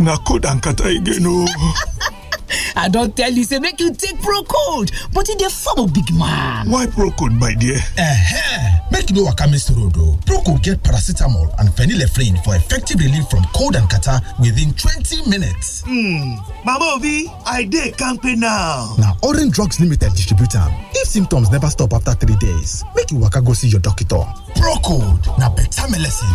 Nakud and kata again, oh. [LAUGHS] [LAUGHS] i don't tell you say make you take Procode, but in the form of big man why Procode, my dear? eh make you work waka Mister road o procold get paracetamol and phenylephrine for effective relief from cold and catarrh within 20 minutes hmm mama obi i dey campaign now Now orange drugs limited Distributor. if symptoms never stop after three days make you waka go see your doctor Now procold to beta melecine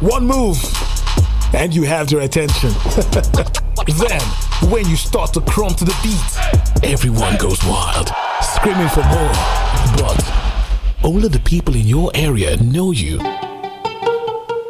one move, and you have their attention. [LAUGHS] then, when you start to crumb to the beat, everyone goes wild, screaming for more. But all of the people in your area know you.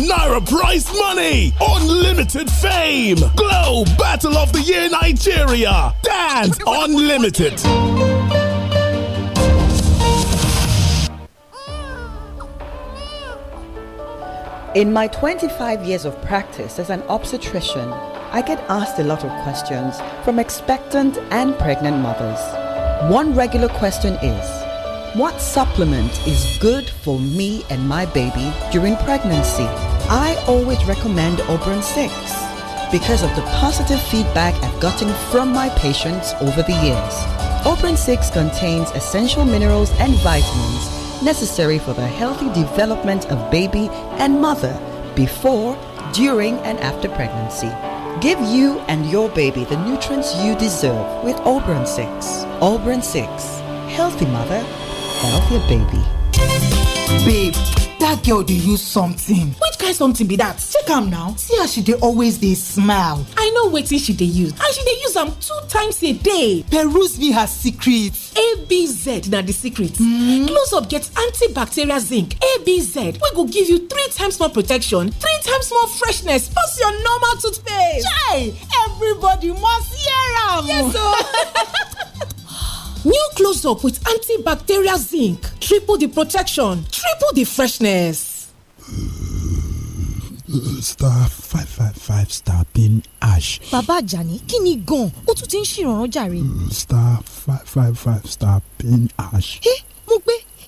Naira prize money, unlimited fame, Glow Battle of the Year Nigeria, Dance Unlimited. In my 25 years of practice as an obstetrician, I get asked a lot of questions from expectant and pregnant mothers. One regular question is What supplement is good for me and my baby during pregnancy? I always recommend Oberon 6 because of the positive feedback I've gotten from my patients over the years. Oberon 6 contains essential minerals and vitamins necessary for the healthy development of baby and mother before, during, and after pregnancy. Give you and your baby the nutrients you deserve with Oberon 6. Oberon 6. Healthy mother, healthier baby. Beep dat girl dey use something which kind something be that? check am now see as she dey always dey smile i know wetin she dey use and she dey use am two times a day peruse me her secret abz na the secret hmm. close up get antibacterial zinc abz wey go give you three times more protection three times more freshness pass your normal toothpaste. chai everybody must hear am yes o oh. [LAUGHS] close up with antibacterial zinc triple the protection triple the freshness. star five five five star pin ash. bàbá àjàní kí ni gan-an ó tún ti ń ṣèrànràn jàre. star five five five star pin ash. ẹ eh, mo gbé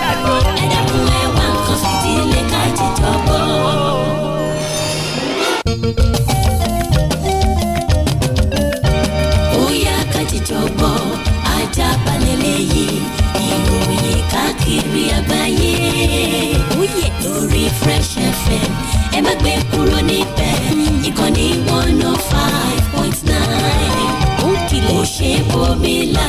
káàkiri àgbáyé. Oyè lórí Fresh FM ẹ má gbé kúrò níbẹ̀ ìkànnì one oh five point nine. Ó kìlẹ̀ ó ṣe bòmílà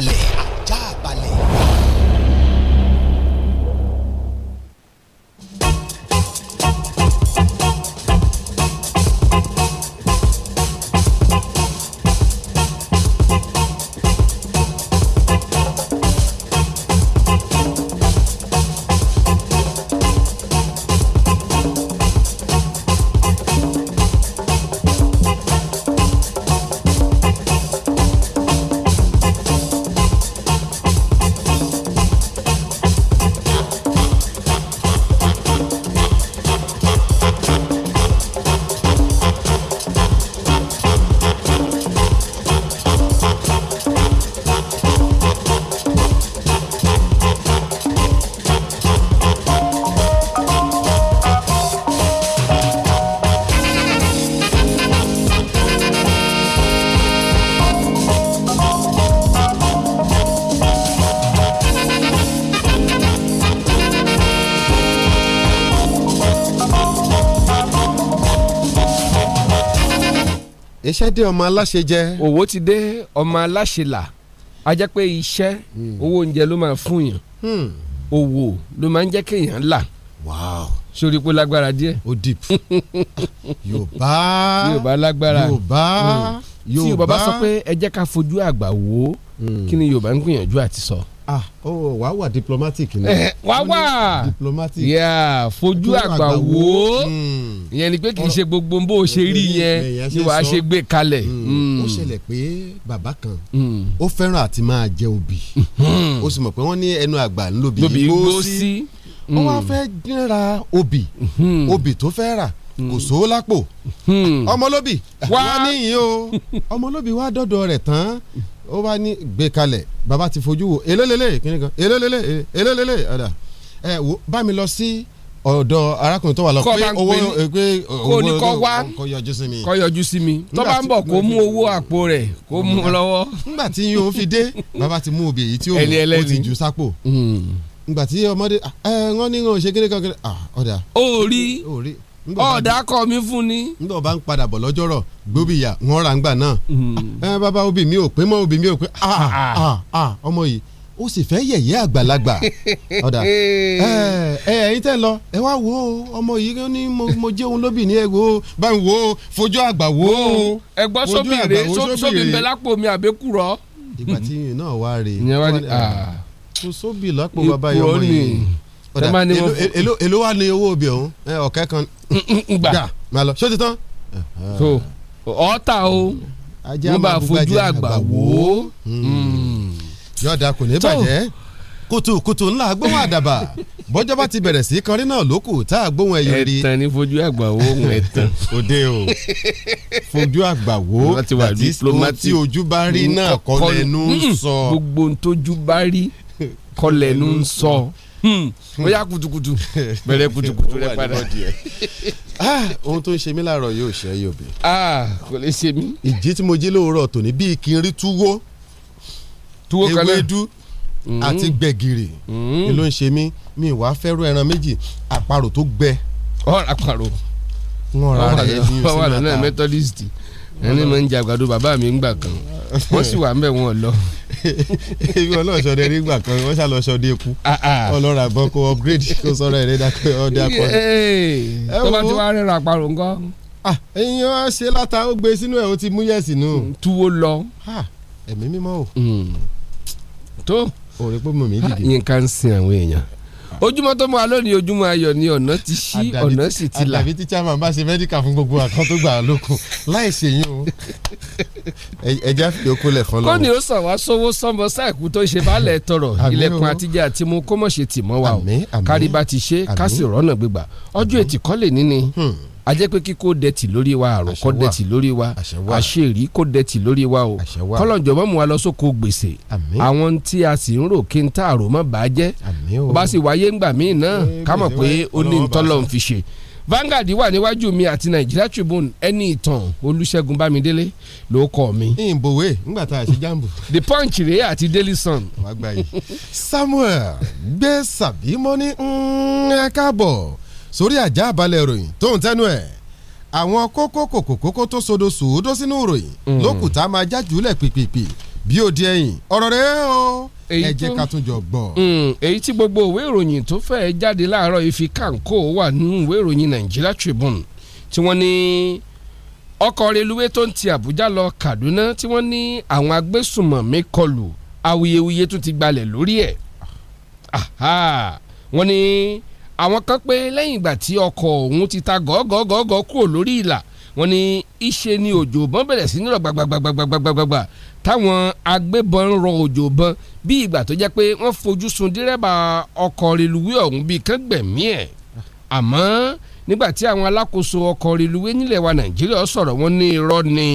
vale. iṣẹ́ dé ọmọ aláṣẹ jẹ. owó ti dé ọmọ aláṣẹ là á jẹ́ pé iṣẹ́ hmm. owó oúnjẹ ló máa fún yàn owó hmm. ló máa ń jẹ́ kéèyàn là. wow sórí pé lágbára díẹ̀. ó deep [LAUGHS] yorùbá yorùbá lágbára yorùbá yorùbá hmm. tí yorùbá bá sọ pé ẹ jẹ́ ká fojú àgbà wò ó kí ni yorùbá ń gbìyànjú àti sọ. So ah oh wàá wà diplomatic ni. Eh, wàá wà diplomatic. Yeah, fojú àgbà wo. ó hmm. ìyẹn ni pé kì í ṣe gbogbo bó o ṣe rí yẹn ni wàá ṣe gbé kalẹ̀. Hmm. ó hmm. ṣẹlẹ̀ pé bàbá kan ó fẹ́ràn àti máa jẹ obì ó sì mọ̀ pé wọ́n ní ẹnu àgbà ńlóbi igbó ó wá fẹ́ ra obì obì tó fẹ́ rà kò sówó lápò ọmọlóbì wá níyìn o [LAUGHS] ọmọlóbì wá dọ́dọ̀ rẹ̀ tán ó bá ní gbé kalẹ̀ bàbá ti fojú wo elélele kíni kan elélele elélele ọ̀dà ẹ wo bá mi lọ sí ọ̀dọ̀ arákùnrin tó wà lọ pé owó pé owó kò yọjú sí mi. kò yọjú sí mi tó bá ń bọ̀ kó mú owó àpò rẹ̀ kó mú lọ́wọ́. nígbà tí yóò fi dé bàbá ti mú obì èyí tí ó ti jù sápò hmm. nígbà tí ọmọdé ah, ẹ wọn ní wọn ò ṣe kíni kan kíni ah, ọ̀dà. ó rí ó rí ọ̀dà kọ mi fún ni. nígbà bá ń padà bọ̀ lọ́jọ́rọ̀ gbóbìyà wọ́n ra ngbà náà hmm. ẹ bàbá obì mi ò pé mọ́ obì mi ò pé ah, ah, ah, ọmọ yìí ó sì fẹ́ yẹ̀yẹ́ àgbàlagbà [LAUGHS] ọ̀dà ẹ ẹ̀yin tẹ́ lọ ẹ wá wo ọmọ yìí ó ní mo jẹ́ òun lóbì ní ẹ wo bá ń wo fojú àgbà wo. ẹ gbọ́ sóbìrè sóbìrè lápò mi àbẹ́kùrọ̀. ìgbà tí yìnyín náà wá rè é kò sóbì lápò bàbá yọmọ yìí èló wà ní owó òbí ọ̀hún ọ̀kẹ́ kan [LAUGHS] gbà máa lọ ṣó ti tán. so ọ̀ọ́ta o mo bá fojú àgbà wò ó. Hmm. yọ̀ọ̀dà kò ní bàjẹ́ kùtùkùtù ńlá gbóhùn àdàbà bọ́jọ́bá ti bẹ̀rẹ̀ sí kọrin náà lókù tá a gbóhùn ẹyọ rí. ẹ̀tàn ni fojú àgbà wo òun [LAUGHS] ẹ̀tàn. òde o fojú àgbà wo àti ohun tí ojú bá rí náà kọlẹ̀nu ń hmm. sọ. gbogbo ohun tójú bá rí kọlẹ̀nu ń sọ. Hmm. Hmm. ó yá kutukutu [LAUGHS] bẹ̀rẹ̀ kutukutu rẹ padà. ohun tó ń ṣe mí láàárọ̀ yóò ṣe é yòbí. Ah, kò lè ṣe mí. ìjí tí mo jí lóòrọ̀ tòní bíi kí n rí túwó túwó kan náà ewédú hmm. àti gbẹ̀gìrì ni ló ń ṣe mí mi ìwà fẹ́rù ẹran méjì àparò tó gbẹ. ọ̀rọ̀ àparò. wọ́n ra rẹ̀ ní sinimá ta ẹni máa ń jẹ bàbá mi ńgbà kan wọ́n sì wà ń bẹ̀ lọ. ebi ọlọ́ọ̀sọdẹ nígbà kan wọ́n ṣàlọ sọdẹ eku ah, ah. ọlọ́ra bọ́ kó upgrade kó sọ̀rọ̀ ẹ̀rẹ́ dákẹ́ ọdẹ akọni. tó bá ti wá rẹ̀ ràparò ńkọ́. Ah, ẹyin wá ṣe láta ó gbé sínú ẹ̀ ó ti mú yẹ̀ sínú. Mm, tuwo lọ. ẹ̀mí mímọ́ o. Mm. tó. òrèpọ̀ mọ̀ mí dìde. yín ń sin àwọn èèyàn ojúmọ́ tó mọ́ wa lónìí ojúmọ́ ayọ̀ ni ọ̀nà ti ṣí ọ̀nà sì ti là. àdàbí tíṣà máa ń bá ṣe mẹ́díkà fún gbogbo àkàn tó gbà lókun láì ṣe yín o ẹja fi okun lẹ̀ fọlọ́wọ́. kọ́ni ó sàn wá sówó sọ́mọ sáìkú tó ṣe balẹ̀ tọrọ ilẹ̀kùn àtijọ́ àti mu kó tì mọ́ wa o kárí bá ti ṣe ká rọ́nà gbégbà ọjọ́ ètìkọ́lẹ̀ níní. Hmm a jẹ́ pé kíkó dẹ̀tì lórí wa àrùn kó dẹ̀tì lórí wa àṣírí kó dẹ̀tì lórí wa o kọ́lọ̀njọ́ mu wa lọ sóko gbèsè àwọn tí a sì ń rò kí n tá àrò mọ́ bàá jẹ́ bá sì wáyé ńgbà míì náà ká mọ̀ pé ó ní ntọ́lọ́ ń fi ṣe Vanguard wà níwájú mi àti Nigeria Tribune ẹni ìtàn Olúṣẹ́gun Bámidélé ló kọ mi. ìbòwe ńgbà tá a ṣe jambu. [LAUGHS] The Punch rèé àti Daily Sun. Samuel gbé sàbímọ́ ní mm, ẹ̀ka bọ̀ sórí àjà àbálẹ̀ ìròyìn tóun tẹ́nu ẹ̀ àwọn kókó kòkòkókó tó sodo sòódó sínú ìròyìn mm. lókùtà máa jájúlẹ̀ pìpìpì bí ó di ẹ̀yìn ọ̀rọ̀ rẹ̀ o ẹ jẹ́ ká tún jọ gbọ́. Mm, èyí tí gbogbo ìwé ìròyìn tó fẹ́ẹ́ jáde láàárọ̀ ifi kánkó wà nínú ìwé ìròyìn Nigeria Tribune tí wọ́n ní ọkọ̀ reluwé tó ń ti Àbújá lọ Kaduna tí wọ́n ní àwọn agbésùnmọ̀mí kọlù awuyewuye tún ti gbalẹ̀ lórí ẹ̀ wọ́n ní. Ah, àwọn kan pé lẹ́yìn ìgbà tí ọkọ̀ òun ti ta gọ́gọ́gọ́gọ́ kúrò lórí ìlà wọ́n ní ìṣe ni òjò bọ́n bẹ̀rẹ̀ sí ní rọ̀ gbàgbàgbàgbàgbàgbà táwọn agbébọn ń rọ òjò bọ́n bí ìgbà tó jẹ́ pé wọ́n fojú sun dírẹ́bà ọkọ̀ reluwé ọ̀hún bíi kán gbẹ̀mí ẹ̀ àmọ́ nígbà tí àwọn alákòóso ọkọ̀ reluwé nílẹ̀ wa nàìjíríà sọ̀rọ̀ wọn ní irọ́ ni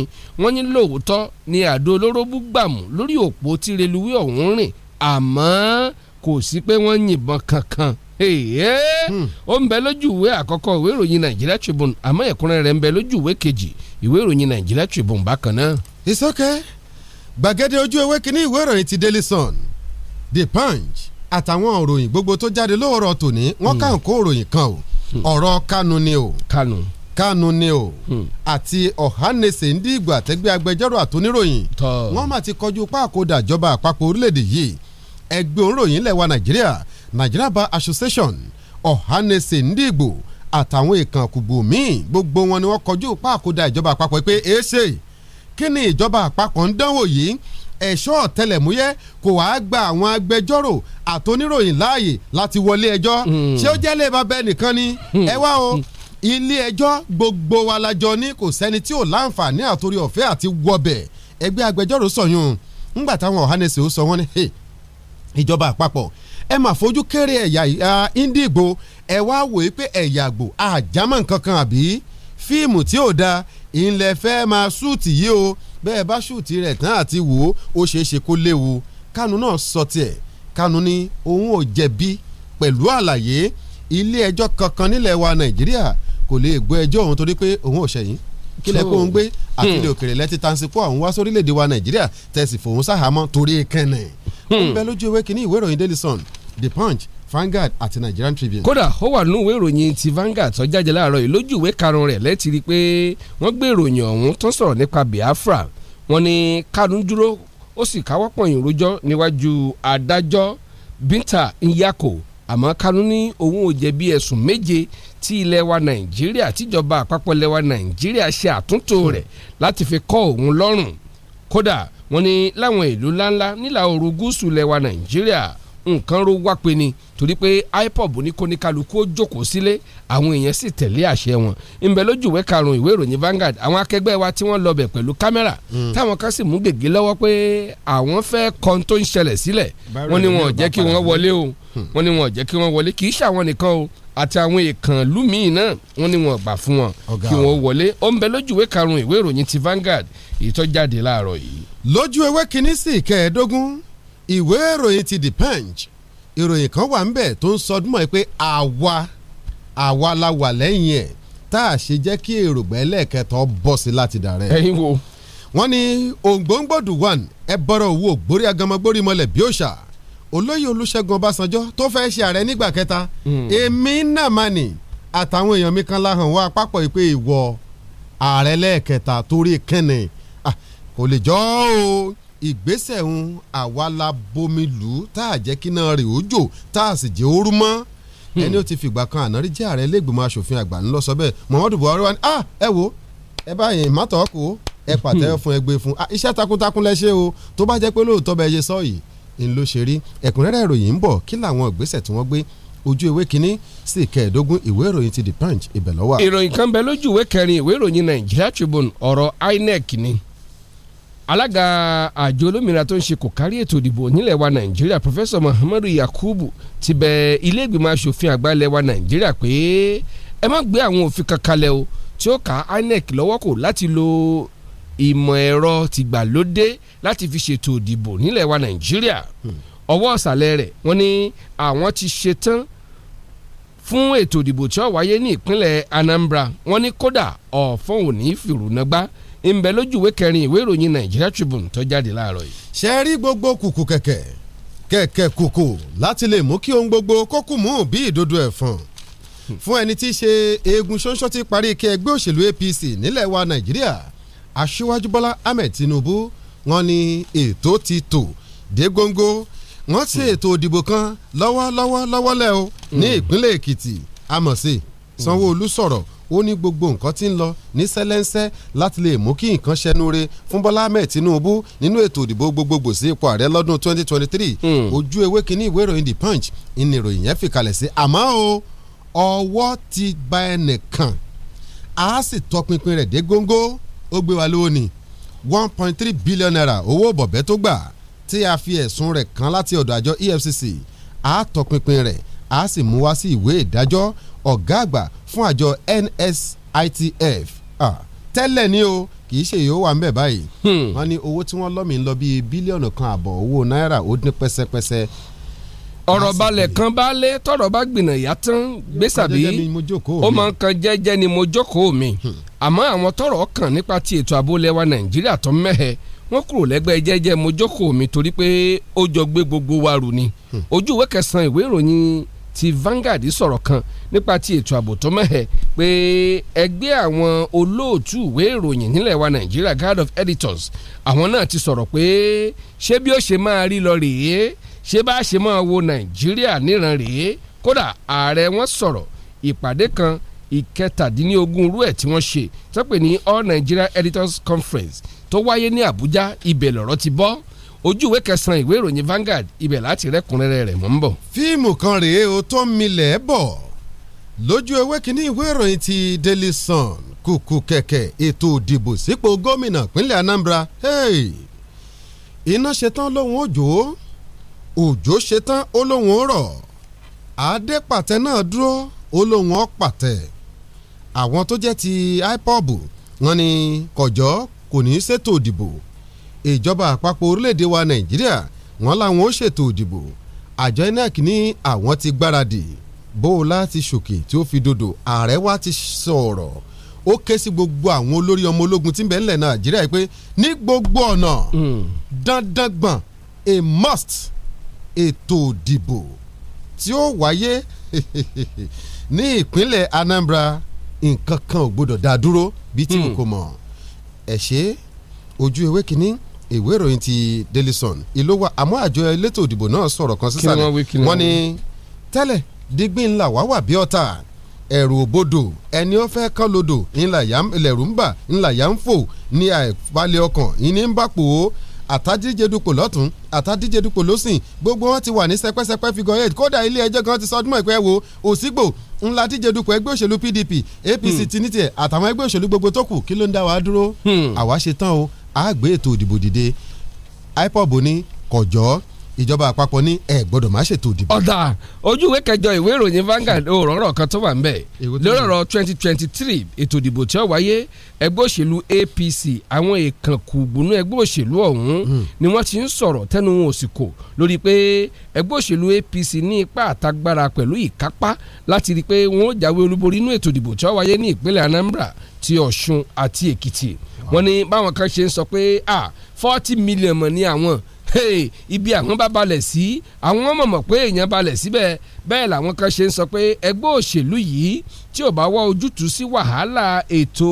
wọ́n ní lóòótọ́ ni àdó olóró búgbàmù lórí òpó tí reluwé ọ̀hún rìn àmọ́ kò sí pé wọ́n yìnbọn kankan Eh. Hmm. ó ń bẹ lójú ìwé àkọ́kọ́ ìwé ìròyìn Nigeria Tribune àmọ́ ẹ̀kúnrẹ́ rẹ̀ ń bẹ lójú ìwé kejì ìwé ìròyìn Nigeria Tribune bákan náà. ìsọkẹ́ gbàgede ojú ewé kínní ìwé ìròyìn ti Daily Sun The Punch àtàwọn òròyìn gbogbo tó jáde lóòrọ̀ tòní wọ́n hmm. kà ń kó òròyìn kan o hmm. ọ̀rọ̀ kanu ni o kanu kanu ni o àti ọ̀hánẹsẹ̀ ń dìgbà tẹ́gbẹ́ agbẹjọ́rò àtúníròyìn wọ́n mà ti kọjú páàkó dàjọba àpapọ̀ orílẹ̀-èdè yìí ẹgbẹ́ òǹròyìn lẹ̀ wa Nàìjíríà Nigeria Bar Association Ọ̀hánẹsẹ̀ Ndigbo àtàwọn ìkànkùgbò míì gbogbo wọn ni wọ́n kọjú pàkódà ìjọba àpapọ̀ pé èéṣe kí ni ìjọba àpapọ̀ ń dánwò yìí ẹ̀ṣọ́ ọ̀tẹlẹ̀múyẹ́ kò wá gba àwọn agbẹjọ́rò àtoníròyìn láàyè láti wọlé ẹjọ́ hmm. ṣé ó jẹ́lé bàbá ẹnìkan ni hmm. ẹ wá o ilé ẹjọ́ gbogbo wa lajọ ní kò sẹ́ni tí ò láǹfààní àtòrí ọ̀fẹ́ àti wọbẹ̀ ẹgbẹ́ agbẹjọ́rò sọ̀yún ńgbà táwọn ọ̀hánẹsẹ̀ ó sọ wọ́n ní ìjọba àpapọ̀ ẹ mà fojú kéré ẹ̀yà Indigo ẹ wá wòye pé ẹ̀yà àgbò àjámọ̀ nǹkan àbí fíìmù tí ò da ilẹ̀ fẹ́ máa ṣúùtì yìí o bẹ́ẹ̀ bá ṣúùtì rẹ̀ tán àti wò ó ó ṣeé ṣe kó léwu kánú náà sọ tiẹ̀ kánú ni òun ò jẹ̀bi pẹ̀lú àlàyé ilé ẹjọ́ kankan nílẹ̀ wa Nàìjíríà kò lè gbọ́ ẹjọ́ òun torí pé òun ò ṣẹ̀yìn kílẹ̀ kó ń gbé àtìlẹ̀ òkèrè lẹ́tí tansikó àwọn wá sórílẹ̀ wa Nàìjíríà tẹ̀sí fòun sáhámọ́ torí kẹ́nẹ̀ ó ń bẹ lójú ewé kínní ìwé ìròyìn Daily Sun the punch Vanguard àti Nigerian Tribune. kódà ó wà nínú ìwé ìròyìn ti Vanguard tó jáde láàárọ̀ yìí lójú ìwé karùn-ún rẹ̀ lẹ́ẹ̀tì rí i pé wọ́n gbé ìròyìn ọ̀hún tó sọ̀rọ̀ nípa Biafra wọ́n ní Kanu dúró ó sì káwọ́ pọ̀nyìn rojọ́ níwájú adájọ́ Binta Nyako àmọ́ Kanu ní òun ò jẹ̀bi ẹ̀sùn méje tí ilẹ̀ wa Nàìjíríà tíjọba àpapọ̀ ilẹ̀ wa Nàìjíríà ṣe àtúntò rẹ̀ láti fi kọ́ òun lọ́rùn kódà wọ́n ní láwọn ìlú ńláńlá nílà òru gúúsù ilẹ̀ wa Nàìjíríà nǹkan ro wá pe ni torí pé ipob ní kóníkálukú ó jókòó sílé àwọn èèyàn sì tẹ̀lé àṣẹ wọn ńbẹ lójú ìwé karùn-ún ìwé ìròyìn Vanguard àwọn akẹgbẹ́ wa tí wọ́n lọbẹ̀ pẹ̀lú kámẹ́rà hmm. táwọn kan sì mú gègé lọ́wọ́ pé àwọn fẹ́ kan tó ń ṣẹlẹ̀ sílẹ̀ wọ́n ní wọn ò jẹ́ kí wọ́n wọlé o hmm. wọ́n ní wọn ò jẹ́ kí wọ́n wọlé kì í ṣàwọn nìkan o àti àwọn ìkànnlú míì náà wọ́n ní wọn gbà fún wọn kí wọ́n wọlé ó ń bẹ lójú ìwé karùn ìwé ìròyìn ti Vanguard ìtọ́jáde láàárọ̀ yìí. lójú ewé kínní sí ìkẹẹ̀ẹ́dógún ìwé ìròyìn ti The Punch ìròyìn kan wà ńbẹ̀ tó ń sọdúnmọ́ ẹ pé àwa àwa la wà lẹ́yìn ẹ̀ tá a ṣe jẹ́ kí èròǹgbà ẹlẹ́ẹ̀kẹta bọ̀ sí láti dàrẹ́. ẹyin wo. wọ́n ní ògbóǹgbòdù one ẹ bọ́rọ̀ owó ògbórí agamagbórí mọ́lẹ̀ bí òòṣà olóyè olúṣẹ́gun ọbásanjọ́ tó fẹ́ ṣe ààrẹ nígbà kẹta hmm. èmi náà mà ní àtàwọn èèyàn mi kan láhàn wá pápọ̀ ìpè ìwọ ààrẹ lẹ́ẹ̀kẹta torí kẹ́ni kò lè jọ́ o ìgbésẹ̀ ń àwa la bomi lù ú tá a jẹ́ kí náà rè ó jò tá a sì jẹ́ ooru mọ́ hmm. ẹni ó ti fìgbà kan àná jẹ́ ààrẹ ilégbèmọ̀ asòfin àgbà ńlọ sọ bẹ́ẹ̀ Muhammadu Buhari wa ni ah ẹ wo ẹ báyìí mọ́tò kù ẹ pàtẹ́ hmm. fún ẹgbẹ́ fún ah, iṣẹ́ takuntakun lẹ ṣe o tó bá jẹ́ pé lóòótọ́ bẹ́ẹ̀ ṣe sọ yìí ń ló ṣe rí ẹ̀kúnrẹ́rẹ́ ìròyìn ń bọ̀ kí làwọn ìgbésẹ̀ tí wọ́n gbé ojú ìwé kínní sí kẹẹ̀ẹ́dógún ìwé ìròyìn ti the punch ibẹ̀ lọ́wọ́. ìròyìn kan bẹ lójú ìwé kẹrin ìwé ìròyìn Nigeria Tribune ọ̀rọ̀ INEC ni. Hmm alága àjọ olómìnira tó ń ṣe kò kárí ètò ìdìbò nílẹ̀ wa nàìjíríà pòfẹ́sọ̀ muhammadu yakubu ti bẹ ilé ìgbìmọ̀ asòfin àgbà ilẹ̀ wa nàìjíríà pé ẹ má gbé àwọn òfin kankanlẹ̀ o tí ó ká inec lọ́wọ́ kò láti lo ìmọ̀ ẹ̀rọ tìgbàlódé láti fi ṣètò ìdìbò nílẹ̀ wa nàìjíríà hmm. ọwọ́ ọ̀sàlẹ̀ rẹ̀ wọ́n ní àwọn ti ṣetán fún ètò ìdìbò tí ó wáyé ní ìpínlẹ̀ anambra wọ́n ní kódà ọ̀fọ́n òní fìrùnàgbá ńbẹ lójú ìwé kẹrin ìwé ìròyìn Nigeria Tribune tó jáde láàárọ̀ yìí. ṣe é rí gbogbo kùkù kẹ̀kẹ́ kẹ̀kẹ́ kùkù láti lè mú kí ohun gbogbo kókù mú bí ìdodo ẹ̀fọn hmm. fún ẹni tí í ṣe eegun ṣóńṣó ti parí kí ẹgbẹ́ òṣèlú APC nílẹ̀ wa Nàìjíríà Aṣíwájú Bọ́lá Ahmed Tinubu wọ́n ní ètò ti tò dé góńgó wọ́n ṣe hmm. ètò òdìbò kan lọ́wọ́lọ́wọ́ lọ́wọ́lẹ́ o ní hmm. ìpínlẹ̀ Èkìtì amọ̀sí Sanwó-Olú sọ̀rọ̀ ó ní gbogbo nǹkan tí ń lọ ní sẹ́lẹ́ńsẹ́ láti lè mú kí nǹkan ṣẹnure fún Bọ́lá Ahmed Tinubu nínú ètò ìdìbò gbogbogbò sí ipò ààrẹ lọ́dún 2023 hmm. ojú ewé kínní ìwé ìròyìn The Punch ìní ìròyìn yẹn fìkalẹ̀ sí àmọ́ o ọwọ́ ti gba ẹnìkan a sì tọpinpin rẹ̀ dé góńgó ó gbé wa lówó ni one point three billion naira owó bọ̀bẹ́ tó gbà tí a fi ẹ̀sùn rẹ̀ kan láti ọ̀dọ̀ àjọ EFCC a tọpinpin rẹ̀ a sì mú wá sí ìwé ìdájọ́ ọ̀gá àgbà fún àjọ NSITF tẹ́lẹ̀ ni o kì í ṣe yóò wà ńbẹ̀ báyìí hmm. wọ́n ní owó tí wọ́n lọ́mìn lọ bíi bílíọ̀nù kan àbọ̀ owó náírà ó dín pẹ́sẹ́pẹ́sẹ́ ọ̀rọ̀ balẹ̀ kan bá lé tọ̀rọ̀ bá gbìnà yá tán gbèsàbí ó máa ń kan jẹ́jẹ́ ni mo jókòó mi hmm. àmọ́ àwọn tọ̀rọ̀ kàn nípa ti ètò ààbò lẹ́wà nàìjíríà tó mẹ́hẹ̀ wọ́n kúrò lẹ́gbẹ́ jẹ́jẹ́ mo jókòó mi torí pé ó jọ gbé gbogbo wa rù ni hmm. ojú ìwé kẹsàn-án ìwé ìròyìn ti Vanguard sọ̀rọ̀ kan nípa ti ètò ààbò tó mẹ́hẹ̀ pé ẹgbẹ́ àwọn olóòtú ìwé ìròyìn nílẹ̀ wa Nàìjíríà Guild of Editors àwọn náà ti sọ̀rọ̀ pé ṣé bí ó ṣe máa rí lọ rèé ṣé bá ṣe máa wo Nàìjíríà níran rèé kódà ààrẹ wọn sọ̀rọ̀ ìpàdé kan ìkẹtàdínlógún irú tí wọ́n ṣe tó pè ní All Nigeria Editors Conference tó wáyé ní abuja ibẹ̀ lọ̀rọ̀ ti bọ́ ojú ìwé kẹsàn-án ìwé ìròyìn Vanguard ibẹ̀ láti rẹ́kùnrẹ́rẹ́ rẹ̀ mọ́ ń bọ̀. fíìmù kan rèé o tó ń milẹ̀ bọ̀ lójú ewé kínní ìwé ìròyìn ti Daily Sun kùkù kẹ̀kẹ́ ètò òdìbò sípò gómìnà pínlẹ̀ Anambra hey! iná ṣetán lóhun òjò òjò ṣetán ó lóhun ó rọ̀ adé pàtẹ náà dúró ó lóhun ó pàtẹ àwọn tó jẹ́ ti IPOB wọ́n ní kọjọ́ kò ní í ṣètò òdìbò ìjọba àpapọ̀ orílẹ̀‐èdè wa nàìjíríà wọ́n láwọn ó ṣètò ìdìbò àjọ inec ní àwọn ti gbáradì bóòlá ti ṣòkè tí ó fi dodo ààrẹ wa ti sọ̀rọ̀ ó ké sí gbogbo àwọn olórí ọmọ ológun tí ń bẹ nílẹ̀ nàìjíríà pé ní gbogbo ọ̀nà hmm. dandan a must ètò ìdìbò tí ó wáyé [LAUGHS] ní ìpínlẹ̀ Anambra nǹkan kan ò gbọdọ̀ dá dúró bíi tí mo hmm. kò mọ̀ ẹ̀ ṣe ojú ewé kínní ìwé ìròyìn ti Daily Sun ìlú wa àmọ́ àjọ elétò ìdìbò náà sọ̀rọ̀ kan sísàlẹ̀ wọ́n ní tẹ́lẹ̀ digbí ńlá wá wà bí ọ̀tá ẹ̀rù òbodò ẹni ó fẹ́ kán lodò ńlẹ̀rú ń bà ńlàyà ń fò ní àìbalẹ̀ ọkàn ìní ń bà pò ó àtàdíjedupò lọ́tún àtàdíjedupò lọ́sìn gbogbo wọn ti wà ní sẹpẹsẹpẹ figure eight kódà ilé ẹjọ́ kan ti sọdún ẹ̀pẹ́ wo òsígbò ńlá díjedupò ẹgbẹ́ òṣèlú PDP APC hmm. tinítìẹ̀ àtàwọn ẹgbẹ́ òṣèlú gbogbo tó kù kí ló ń dá wa dúró hmm. àwa ṣe tán o á gbé ètò ìdìbò dìde IPOB ní kọjọ́ ìjọba àpapọ̀ ní ẹ gbọ́dọ̀ má ṣètò ìdìbò. ọ̀dà ojú ìwé kẹjọ ìwé ìròyìn Vanguard òrọ̀rọ̀ kan tó wà ń bẹ̀ lórí ọ̀rọ̀ ètò ìdìbò tí ó wáyé ẹgbẹ́ òṣèlú APC àwọn èèkàn kùgbùnú ẹgbẹ́ òṣèlú ọ̀hún hmm. ni wọ́n ti ń sọ̀rọ̀ tẹnu wọn ò sì kò lórí pé ẹgbẹ́ òṣèlú APC ní ipá àtagbára pẹ̀lú ìkápá láti rí i pé wọ́n ó jáwé olúborí inú ètò ìdìbò tí ó wáyé ní ìpínlẹ̀ Anambra ti Ọ̀ṣun àti Èkìtì wọ́n ní báwọn kan ṣe ń sọ pé ah forty million mọ̀ ní àwọn hey, ibi àwọn bá balẹ̀ sí àwọn mọ̀mọ̀ pé èèyàn balẹ̀ síbẹ̀ bẹ́ẹ̀ làwọn kan ṣe ń sọ pé ẹgbẹ́ òṣèlú yìí tí ò bá wá ojútùú sí wàhálà ètò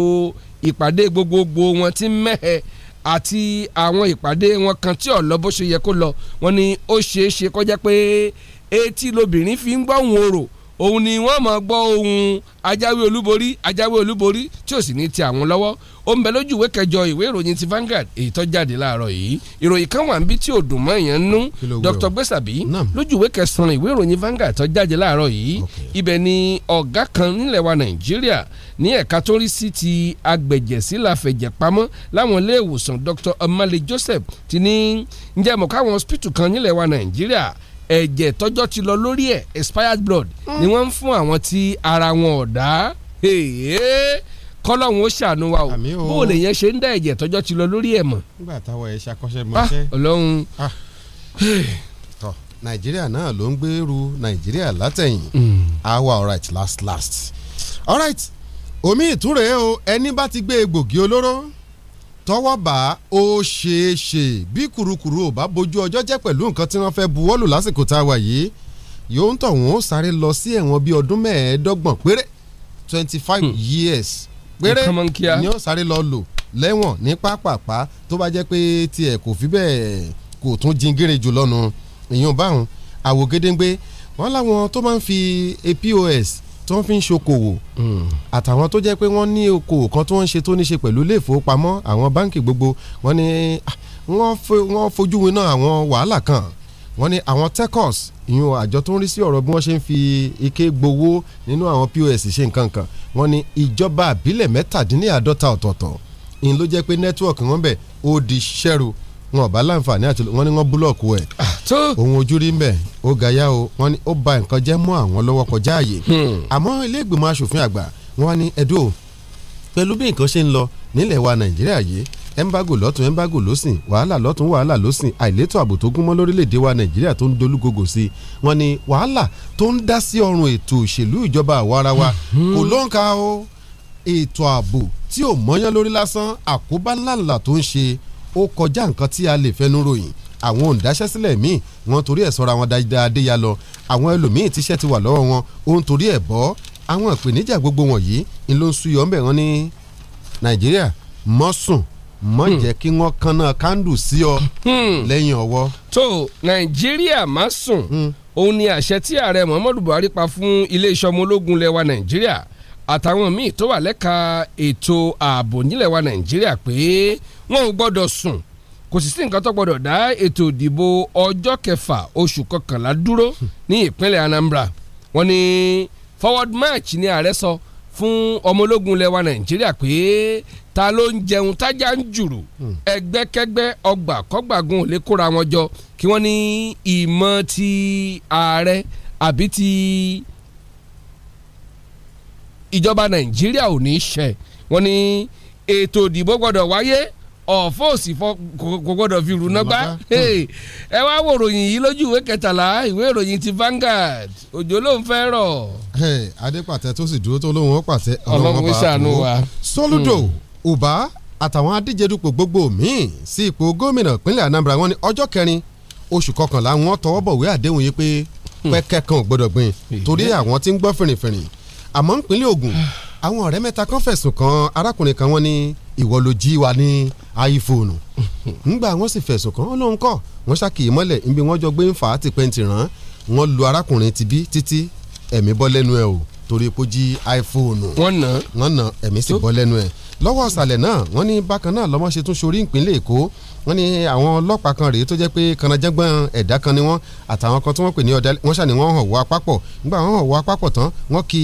ìpàdé gbogbogbò wọn ti mẹ́hẹ̀ àti àwọn ìpàdé wọn kan tí ò lọ bó ṣe yẹ kó lọ wọ́n ní ó ṣeé ṣe kọjá pé etí lobìnrin fi ń gbọ́ òun orò òun ni wọ́n máa gbọ́ ohun ajáwé olúborí ajáwé olúborí tí ò sì ní ti àwọn lọ́wọ́ ó ń bẹ lójú ìwé kẹjọ ìwé ìròyìn ti Vanguard èyí tó jáde láàárọ̀ yìí ìròyìn kan wà níbi tí ò dùn mọ́ nú Dr Gbèsàbí lójú ìwé kẹsàn ìwé ìròyìn Vanguard tó jáde láàárọ̀ yìí ibẹ̀ ni ọ̀gá kan nílẹ̀ wa Nàìjíríà ní ẹ̀ka tó rí sí ti agbẹ̀jẹ̀sílà fẹ̀jẹ̀pamọ́ láwọn ilé ìwòsàn Dr Amale Joseph ti ní ǹjẹ́ mọ̀ káwọn hospital kan nílẹ̀ wa Nàìjíríà ẹ̀jẹ̀ tọ́jọ́ ti lọ lórí ẹ̀ expired blood ni wọ́n ń fún àwọn tí ara wọn ò dá kọ́lọ́hún ó ṣàánú wa o bó o lè yẹn ṣe ń dá ẹ̀jẹ̀ tọ́jọ́ ti lọ lórí ẹ̀ mọ̀. nígbà táwọn ẹ̀ ṣàkọsẹ́ mọ́ṣẹ́. Ah, ọlọ́run ah. nàìjíríà náà ló ń gbèrú nàìjíríà látẹ̀yìn àwa hmm. ah, alright last last alright omi ìtúre o ẹni bá ti gbé egbògi olóró tọ́wọ́ bá ó ṣeé ṣe bí kùrukùru ò bá bójú ọjọ́ jẹ́ pẹ̀lú nǹkan tí wọ́n fẹ́ buwọ́lù lásìkò tá a wà yìí yóò ń tọ̀hún ó sáré lọ sí ẹ̀wọ̀n bíi ọdún mẹ́ẹ̀ẹ́dọ́gbọ̀n péré twenty five hmm. years péré ni ó sáré lọ lò lẹ́wọ̀n ní pápápá tó bá jẹ́ pé tiẹ̀ kò fi bẹ́ẹ̀ kò tún jingere jù lọ́nu ìyún báwọn àwògedengbe wọ́n láwọn tó máa ń fi APOS tó ń fi ń ṣokòwò hmm. àtàwọn tó jẹ́ pé wọ́n ní okòwò kan tó ń ṣe tó ní ṣe pẹ̀lú ilé ìfowópamọ́ àwọn báǹkì gbogbo wọ́n ní ah, wọ́n fojú winá àwọn wàhálà kan wọ́n ní àwọn tecos ìyún àjọ tó ń rí sí ọ̀rọ̀ bí wọ́n ṣe ń fi ike gbowó nínú àwọn pos ṣe nǹkan kan wọ́n ní ìjọba àbílẹ̀ mẹ́tàdínláàdọ́ta ọ̀tọ̀ọ̀tọ̀ ìyẹn ló jẹ́ pé nẹ́tíwọ̀kì wọn bẹ̀ ó di ṣẹ́rù wọn ọba láǹfààní àti wọn ni wọn búlọ̀kù ẹ̀ òun ah, ojú rí mbẹ̀ ó gaya o wọn ni ó ba nǹkan jẹ́ mọ́ àwọn lọ́wọ́ kọjá àyè hmm. àmọ́ ilé asòfin àgbà wọn ni ẹ̀dọ́ pẹ̀lú bí nǹkan ṣe ń lọ nílẹ̀ wa nàìjíríà yìí ẹ̀ńbágò lọ́tún ẹ̀ńbágò lọ́sìn wàhálà lọ́tún wàhálà lọ́sìn àìlétò ààbò tó gúnmọ́ lórílẹ̀‐èdè wa nàìjíríà tó ń dolúgogò sí i wọ́n ní wàhálà tó ń dá sí ọrùn ètò òṣèlú ìjọba àwara kò hmm. ló ń ka o ètò ààbò tí ò mọ́yán lórí lásán àkóbá ńláńlá tó ń ṣe ó kọjá nǹkan tí a lè fẹnu ròyìn àwọn òǹdáṣẹ́sílẹ̀ míì wọ́n torí ẹ̀ sọ́ra wọn dáadáa déya lọ àwọn ẹlòmíì tíṣẹ́ ti wà lọ́wọ́ wọn ó ń torí ẹ̀ bọ́ àwọn ìpèníjà gbogbo wọ̀nyí ń ló ń súyọ́ ńbẹ̀ wọn ní Nàìjíríà mọ́sùn mọ hmm. jẹ́ kí wọ́n kanna kandu sí ọ hmm. lẹ́yìn ọwọ́. tó nàìjíríà má sùn hmm. òun ni àṣẹ tí ààrẹ muhammadu buhari pa fún iléeṣẹ́ ọmọ ológun lẹ́wà nàìjíríà àtàwọn míì tó wà lẹ́ka ètò ààbò nílẹ̀ wa nàìjíríà pé wọn ò gbọ́dọ̀ sùn kò sì sí nǹkan tó gbọ́dọ̀ dá ètò ìdìbò ọjọ́ kẹfà oṣù kọkànlá dúró ní ìpínlẹ̀ Anambra wọ́n ní forward march ni ààrẹ sọ fún ọmọ ológun lẹwa Nàìjíríà pé ta ló ń jẹun tájà ń jùrù hmm. ẹgbẹ́kẹ́gbẹ́ ọgbà kọ́gbàgun ò lè kóra wọn jọ kí wọ́n ní ìmọ̀ ti ààrẹ àbí ti ìjọba Nàìjíríà ò ní í ṣe wọ́n ní ètò ìdìbò gbọ́dọ̀ wáyé ọ̀fọ́ òsì kò gbọ́dọ̀ fi rúná gbá ẹ wá wo ròyìn yìí lójú ìwé kẹtàlá ìwé ìròyìn ti Vanguard òjò ló ń fẹ́ rọ̀. adépàtẹ tó sì dúró tó lóun ó pàṣẹ ọlọ́run bá ṣàánú wa. Soludo hmm. Uba àtàwọn adíjedupò gbogbo míì sí ipò gómìnà ìpínlẹ̀ Anambra wọn ní ọjọ́ kẹrin oṣù kọkànlá wọn tọwọ́ bọ̀wé àdéhùn yìí pé hmm. pẹ́kẹ́ kan ò gbọ́dọ̀ gbìn torí àwọn tí ń gbọ́ fìrìfìrì àmọ́ ìpínlẹ̀ Ògùn ah àwọn ọ̀rẹ́ mẹ́ta kan fẹ̀sùn kan arákùnrin kan wọ́n ní ìwọ ló jí wa ní iPhone [LAUGHS] ńgbà wọ́n sì fẹ̀sùn kan lóun kọ́ wọ́n ṣàkì mọ́lẹ̀ níbi wọ́n jọ gbé ń fà á ti pẹ́ǹtì rán wọ́n lu arákùnrin tibí títí ẹ̀mí bọ́ lẹ́nu ẹ̀ o torí pé jí iPhone wọ́n nà wọ́n nà ẹ̀mí sì bọ́ lẹ́nu ẹ̀ lọ́wọ́ ọ̀sàlẹ̀ náà wọ́n ní bákan náà lọ́mọ́ ṣe tún sorí ìpínlẹ̀ Èkó wọ́n ní àwọn ọlọ́pàá kan rèé tó jẹ́ pé kanajẹ́gbọ́n ẹ̀dá kan ni wọ́n àtàwọn kan tí wọ́n pè ní ọ̀dàlẹ̀ wọ́n ṣàní wọ́n hàn wọ́ apápọ̀ nígbà wọ́n hàn wọ́ apápọ̀ tán wọ́n kì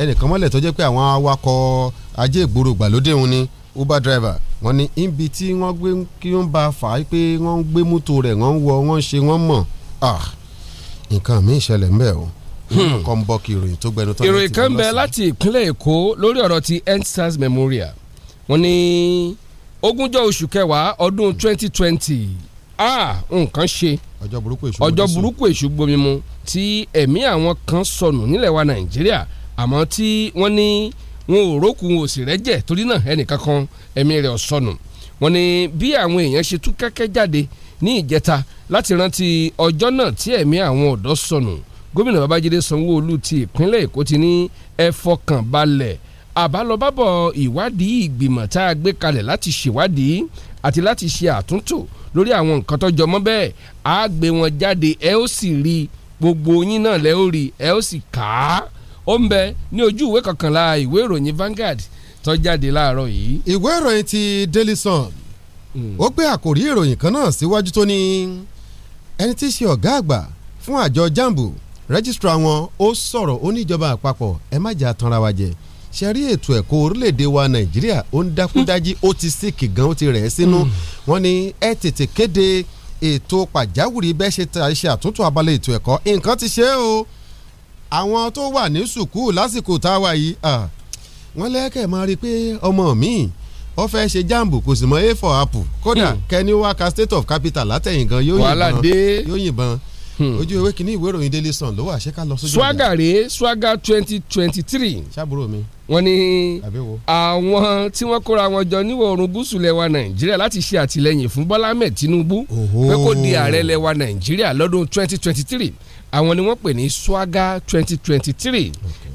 ẹnìkan mọ́lẹ̀ tó jẹ́ pé àwọn awakọ̀ ajé ìgboro gbàlódé òun ni uber driver wọ́n ní ibi tí wọ́n gbé kí wọ́n bá fà á pé wọ́n ń gbé mọ́tò rẹ̀ wọ́n ń wọ wọ́n ń ṣe wọ́n mọ̀ ah, nǹkan mi ìṣẹ̀lẹ̀ ń bẹ̀ o hmm. kọ́ ń bọ́ kí ìròyìn tó gbẹnu tán. ìròyìn kan bẹ láti ìpínlẹ̀ Èkó lórí ọ̀rọ̀ ti EndSARS Memorial wọ́n ní ogúnjọ́ oṣù kẹwàá ọdún twenty twenty ah nǹkan ṣe ọjọ́ burúkú èṣù gbomi mu tí ẹ̀mí àwọn kan sọnù nílẹ̀ wa nàìjíríà àmọ́ tí wọ́n ní wọn ò rókù wọn ò sì rẹ́jẹ̀ torí náà ẹnìkan kan ẹ̀mí rẹ̀ sọnù wọ́n ní bí àwọn èèyàn ṣe tú kẹ́kẹ́ jáde ní ìjẹta láti rántí ọjọ́ náà tí ẹ̀mí àwọn ọ̀dọ́ sọnù gómìnà babájídé sanwó ti ìpínlẹ̀ èkó ti ní ẹ fọkàn balẹ̀ àbálọbábọ̀ ìwádìí ìgbìmọ̀ tá a gbé kalẹ̀ láti ṣèwádìí àti láti ṣe àtúntò lórí àwọn nǹkan tó jọmọ́ bẹ́ẹ̀ á gbé wọn jáde ẹ ó sì rí gbogbo yín náà lẹ ó rí ẹ ó sì kà á ó ń bẹ ní ojú ìwé kọkànlá ìwé ìròyìn Vanguard tó jáde láàárọ̀ yìí. ìwé ìròyìn ti Daily Sun hmm. ó gbé àkòrí ìròyìn kan náà síwájú tó ní ẹni tí í ṣe ọ̀gá àgbà fún àjọ jambu rẹ́gísítà wọn ó sọ̀rọ̀ ó ní ìjọba àpapọ̀ ẹ má jà tanra wa jẹ ṣe rí ètò ẹ̀kọ́ orílẹ̀-èdè wa nàìjíríà ó ń dákúdájí ó ti síkì gan ó ti rẹ̀ ẹ́ sínú hmm. wọn ni ẹ tètè kéde ètò pàjáwìrì bẹ́ẹ̀ ṣe ta ṣe àtúntò abalẹ̀ ètò ẹ̀kọ́ nǹkan ti ṣe o àwọn tó wà ní sùkúù lásìkò tá a wà yìí wọ́n lẹ́kẹ̀ẹ́ máa rí i pé ọmọ mi ó fẹ́ ṣe jambu kò sì mọ a for apple kódà hmm. kẹniwaka state of capital látẹ̀yìn gan yóò yìnbọn Hmm. ojú ewé kìíní ìwé ìròyìn Daily Sun ló wà ṣé ká lọ sójú ọjà. swaga rèé swaga twenty twenty three. sábúrò mi. wọ́n ní àwọn tí wọ́n kóra wọn jọ níwọ̀ oòrùn gúúsù lẹ́wà nàìjíríà láti ṣe àtìlẹ́yìn fún Bọ́lá Ahmed Tinubu pé kó di ààrẹ lẹ́wà nàìjíríà lọ́dún twenty twenty three àwọn ni wọ́n pè ní swaga twenty twenty three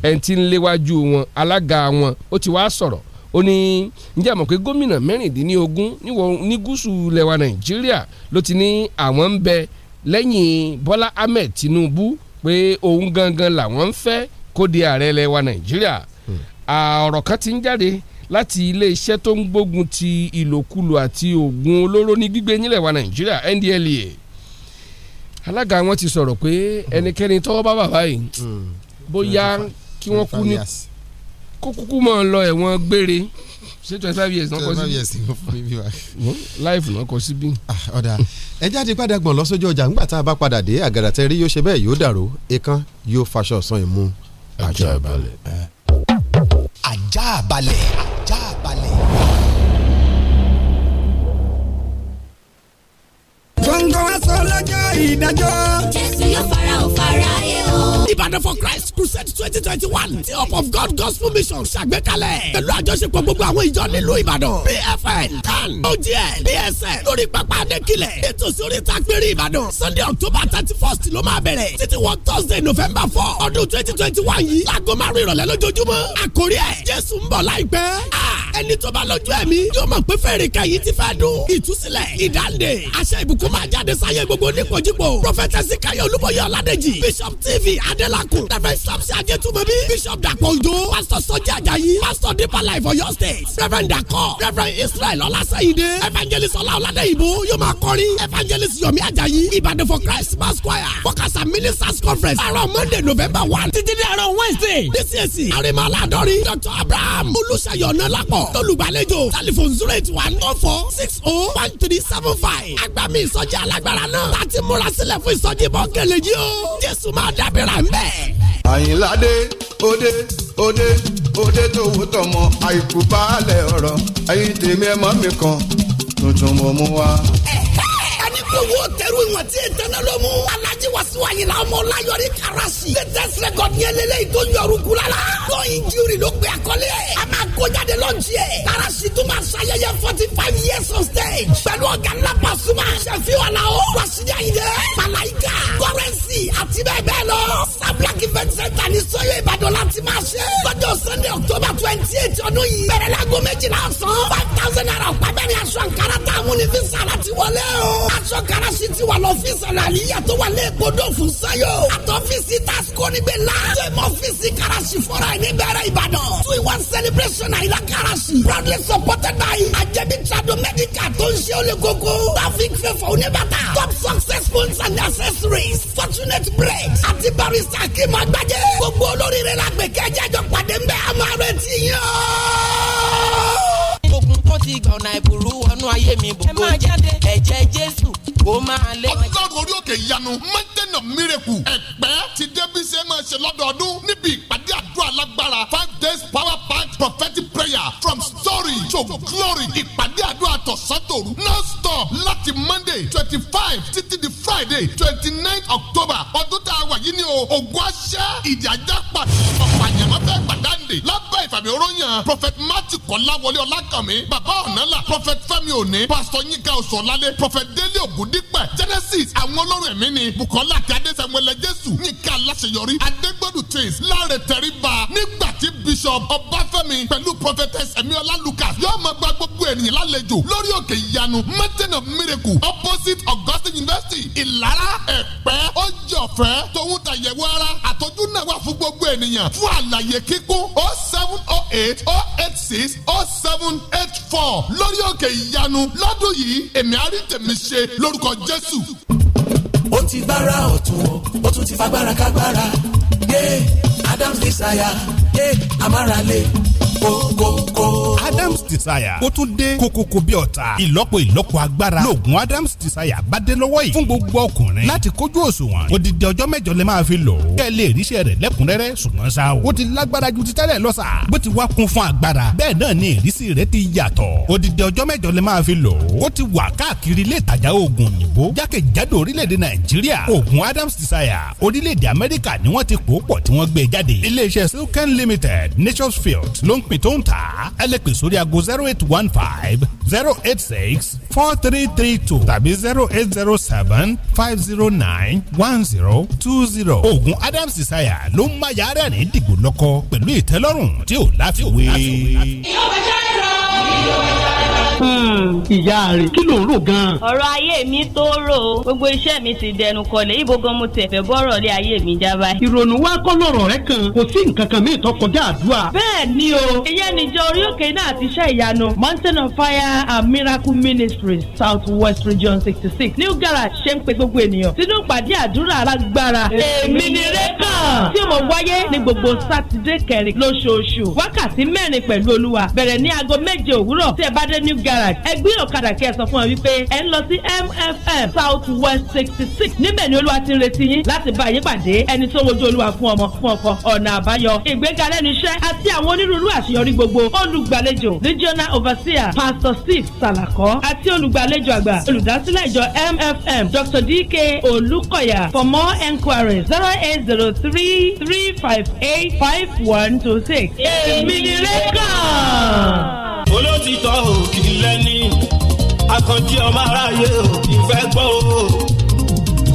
ẹni tí ń léwájú wọn alága wọn ó ti wá sọ̀rọ̀ ó ní ǹjẹ́ mọ̀ pé gómìnà mẹ́rìndínlógún ní gúúsù lẹ́wà nàìjíríà ló ti ní àwọn ń bẹ lẹ́yìn Bọ́lá Ahmed Tinubu pé òun gangan làwọn ń fẹ́ kó di ààrẹ ilẹ̀ wa Nàìjíríà hmm. ọ̀rọ̀ kan ti ń jáde láti iléeṣẹ́ tó ń gbógun ti ìlòkulò àti oògùn olóró ní gbígbé nílẹ̀ wa Nàìjíríà NDLEA alága wọn ti sọ̀rọ̀ pé ẹnikẹ́ni tọ́wọ́ bá bàbá yìí hmm. bóyá hmm. kí wọ́n kú ní kó kúkú mọ́ lọ ẹ̀wọ̀n gbére ṣé twenty five years náà kọ sí. twenty five years ni wọ́n fún mi bí wa. láìfù náà kọ sí bí. Ah, ọ̀dà ẹ jáde padà gbọ̀n lọ́sọ́jọ́ ọjà nígbà tá a bá padà dé àgàdà tẹ rí yóò ṣe bẹ́ẹ̀ yóò dàrú èèkàn yóò faṣọ ọ̀sán ìmú àjọ àbálẹ̀. àjà eh. àbálẹ̀ àjà àbálẹ̀. gbọ̀ngàn aṣọ lọ́jọ́ ìdájọ́. jésù yóò fara ò fara yẹ Ìbàdàn for Christ Crusade twenty twenty one ti Hope of God Gospel Mission ṣàgbékalẹ̀ pẹ̀lú àjọṣepọ̀ gbogbo àwọn ìjọ nílùú Ìbàdàn PFN CAN OGN PSN lórí pápá Adékìlẹ̀ ètò sí orí ìtàgbèrè Ìbàdàn Sunday October thirty first ló máa bẹ̀rẹ̀ títí wọ Thursday November four ọdún twenty twenty one yìí láago márùn ìrọ̀lẹ́ lójoojúmọ́ àkórí ẹ̀ Jésù ń bọ̀ láìpẹ́ ẹni tó bá lójú ẹ̀mí yóò mọ̀ pé fèrè kẹ́yìn ti fẹ́ dún ìtúsílẹ̀ ìdáǹdè àṣẹ ìbùkún máa jáde sáyé gbogbo nípojúpò prọfẹtẹsì Káyọ̀ Olúbọyé Ọládèjì Bishop TV stephen adelako reverend samsi ajetumobi bishop dapò ojo pastor sọjí ajayi pastor deeper life ọ̀yọ́ state reverend dako reverend israel Olaseyide, evangelist ọláọládẹyìnbó yóò máa Kori, evangelist yomi ajayi ìbàdàn for christ mass choir fọkàsà ministers conference Around monday november one títí di àárọ̀ wednesday dcc àrèmọ aládọrin dr abraham olùṣayọ nọlápọ lọlùgbàlejò telephone zero eight one oh four six oh one three seven five agbami ìsọjí alágbára náà láti múra sílẹ̀ fún ìsọjí bọ́ńkẹ́lẹ́jì o jésù máa dábẹ́ rà ń bẹ̀. àyìnládé òde òde òde tó wò tọmọ àìkú baálẹ̀ ọ̀rọ̀ ẹ̀yin tèmi ẹ̀ mọ́ mi kan tuntun mo mú wa. ẹ olówó tẹ̀rù ìwọ̀n tí ì tẹ́lẹ̀ ló mú. alájí wàsíù àyìnlá ọmọ ọláyọrí karasi. latest record yẹn lélẹ́yìí tó yọrù kú la lọ́yìn jírí ló pe àkọlé. a máa kójáde lọ́ọ̀jì ẹ̀. karasi tún máa ṣayẹyẹ forty five years on stage. pẹ̀lú ọ̀gá ńlá Pasuma. sẹ̀fíwàlà o. wàsíù àyìnlẹ̀. malayika. kọ́rẹ́nsì àti bẹ́ẹ̀ bẹ́ẹ̀ lọ. sablak event center ní sọ́yọ́ ìbàdàn láti máa ṣe. lọ́jọ́ sunday october twenty eight ọdún yìí. bẹ̀rẹ̀ láago méjìlá ọ̀sán. five thousand naira ọ̀pá bẹ́ẹ̀ ni a mú ní aṣọ gáràsì ti wà lọ́fíìsì àlàyé tó wà lẹ́ẹ̀kọ́dọ̀ fún sayo. àtọ́fíìsì tasco níbẹ̀ la. sẹ́mu ọ́fíìsì gáràsì fọ́ra ẹ̀ níbẹ̀rẹ̀ Ìbàdàn. two in one celebration àyílá gáràsì. proudly supported by ajẹbi trado medical tó ń ṣe olè koko. traffic fẹ́fọ̀ oníbàtà. top success phones and accessories. fortunate bread. àti barista kìmọ̀ gbajẹ́. gbogbo olóríire la gbẹ̀kẹ́jẹ́ jọ pàdé ń bẹ́ àmọ́ rẹ̀ ti yàn. ogun kan ti gbọ̀nà ìbùrú wọnú ayé mi bòbó. ẹ máa ẹ̀jẹ̀ Jésù ó máa lé. ọlọ́run orí òkè ìyanu mountain of miracle ẹ̀pẹ́ ti débi ṣe máa ṣe lọ́dọọdún níbi ìpàdé àdúrà lágbára five days power pack prophetic prayer from story to glory ìpàdé àdúrà tọ̀sán-tòru non-stop láti monday twenty five títí di friday twenty nine october ọdún tá a wà yìí ni o ògùn àṣẹ ìdíjà pàṣẹ ọ̀pọ̀ àyàmọ́fẹ́ pàdánù ministry lábẹ́ ìfàmì oróyàn prophet matthew kọ́láwọlé ọlákànmí bàbá ọ̀nàlà prophet fẹ́mi òní pastor yinka ọ̀sọ̀lálé prophet délé ògúndípẹ̀ genesis àwọn ọlọ́run ẹ̀mí ni bukola àti adéṣẹ́wẹlẹ̀ jésù yinka aláṣeyọrí adégbòdù twins láre tẹríba nígbà tí bishop ọbáfẹ́mi pẹ̀lú prophetess emiola lucas yóò máa gba gbogbo ènìyàn lálejò lórí òkè ìyanu mountain of miracle opposite Augustine university ìlara ẹ̀pẹ́ ó jọ̀fẹ́ tòun tàyẹ̀wò ara náà wà fún gbogbo ènìyàn fún àlàyé kíkún oh seven oh eight oh eight six oh seven eight four lórí òkè ìyanu lọ́dún yìí èmi àrí tèmi ṣe lórúkọ Jésù. ó ti gbára ọ̀tún ó tún ti fagbára kágbára yé Adam's Desire ẹ amárale kókókó. Adams Desire ó tún dé kókókó bí ọ̀tá. Ìlọ́po ìlọ́po agbára lóògùn Adams Desire bá dé lọ́wọ́ yìí fún gbogbo ọkùnrin láti kójú òṣùwọ̀n. Odidi ọjọ́ mẹ́jọ lè máa fi lò ó. Kẹ́ ẹ lè ríṣẹ́ rẹ̀ lẹ́kùnrẹ́rẹ́ ṣùgbọ́n ṣá o. Ó ti lágbára ju ti tẹ́lẹ̀ lọ sà. Bó ti wá kún fún agbára bẹ́ẹ̀ náà ni ìrísí rẹ̀ ti yàtọ̀. Odidi ọjọ́ mẹ́jọ lè máa fi lò ó. Ó ti wà káàkiri ilé ìtajà oògùn òyìnbó jákèjádò orílẹ̀-èdè Nàìjíríà. Oògùn Adams Desire orílẹ̀-èdè Amẹ́ríkà ni wọ́n ti pòó pọ̀ tí wọ́n gbé jáde. Ilé iṣẹ́ limited nature's field ló ń pín tó ń tà ẹ sórí aago zero eight one five zero eight six four three three two tàbí zero eight zero seven five zero nine one zero two zero. oògùn Adams isaya. ló ń máa yára ní dìgbò lọ́kọ pẹ̀lú ìtẹ́lọ́rùn tí ò láfiwé. ìyóò bá jáde lọ. ìyóò bá jáde lọ. Hmm. ìyá rẹ̀ kí ló ń rò gan-an. ọ̀rọ̀ ayé mi tó rò ó gbogbo iṣẹ́ mi ti dẹnu kọlẹ̀ ibo gan mo tẹ̀fẹ̀ bọ́rọ̀ lé ayé mi já báyìí. ìrònú wa kọ́ lọ̀rọ̀ rẹ kan kò sí nǹkan kan mìíràn tó kọjá àdúrà. bẹ́ẹ̀ ni o ìyẹn níjọ orí òkè náà ti ṣe ìyanu mountain of fire and miracle ministry south west region sixty six new garage ṣe ń pe gbogbo ènìyàn sínú ìpàdé àdúrà alágbára. èmi ni rékàn tí mo wáyé ní gbogbo sátidé kẹrin lóṣooṣù wákàtí mẹ́rin pẹ̀lú olúwa bẹ̀rẹ̀ ní aago garage ẹ gbé ọ̀kadà kí ẹ sọ fún ẹ wípé ẹ ń lọ sí mfm south west sixty six níbẹ̀ ni olúwa ti ń retí yín láti bá yín pàdé ẹni tó wojú olúwa fún ọmọ fún ọkọ ọ̀nà àbáyọ ìgbéga lẹ́nu iṣẹ́ àti àwọn onírúurú àṣeyọrí gbogbo olùgbàlejò regional overseer pastor steve salako àti olùgbàlejò àgbà olùdásílẹ̀ ìjọ mfm dr dk olùkọ̀yà for more enquiries zero eight zero three three five eight five one two six èmi ni rẹ́kàn olótìtọ́ òkì lẹ́ni akànjí ọmọ aráyé òkì fẹ́ gbọ́ o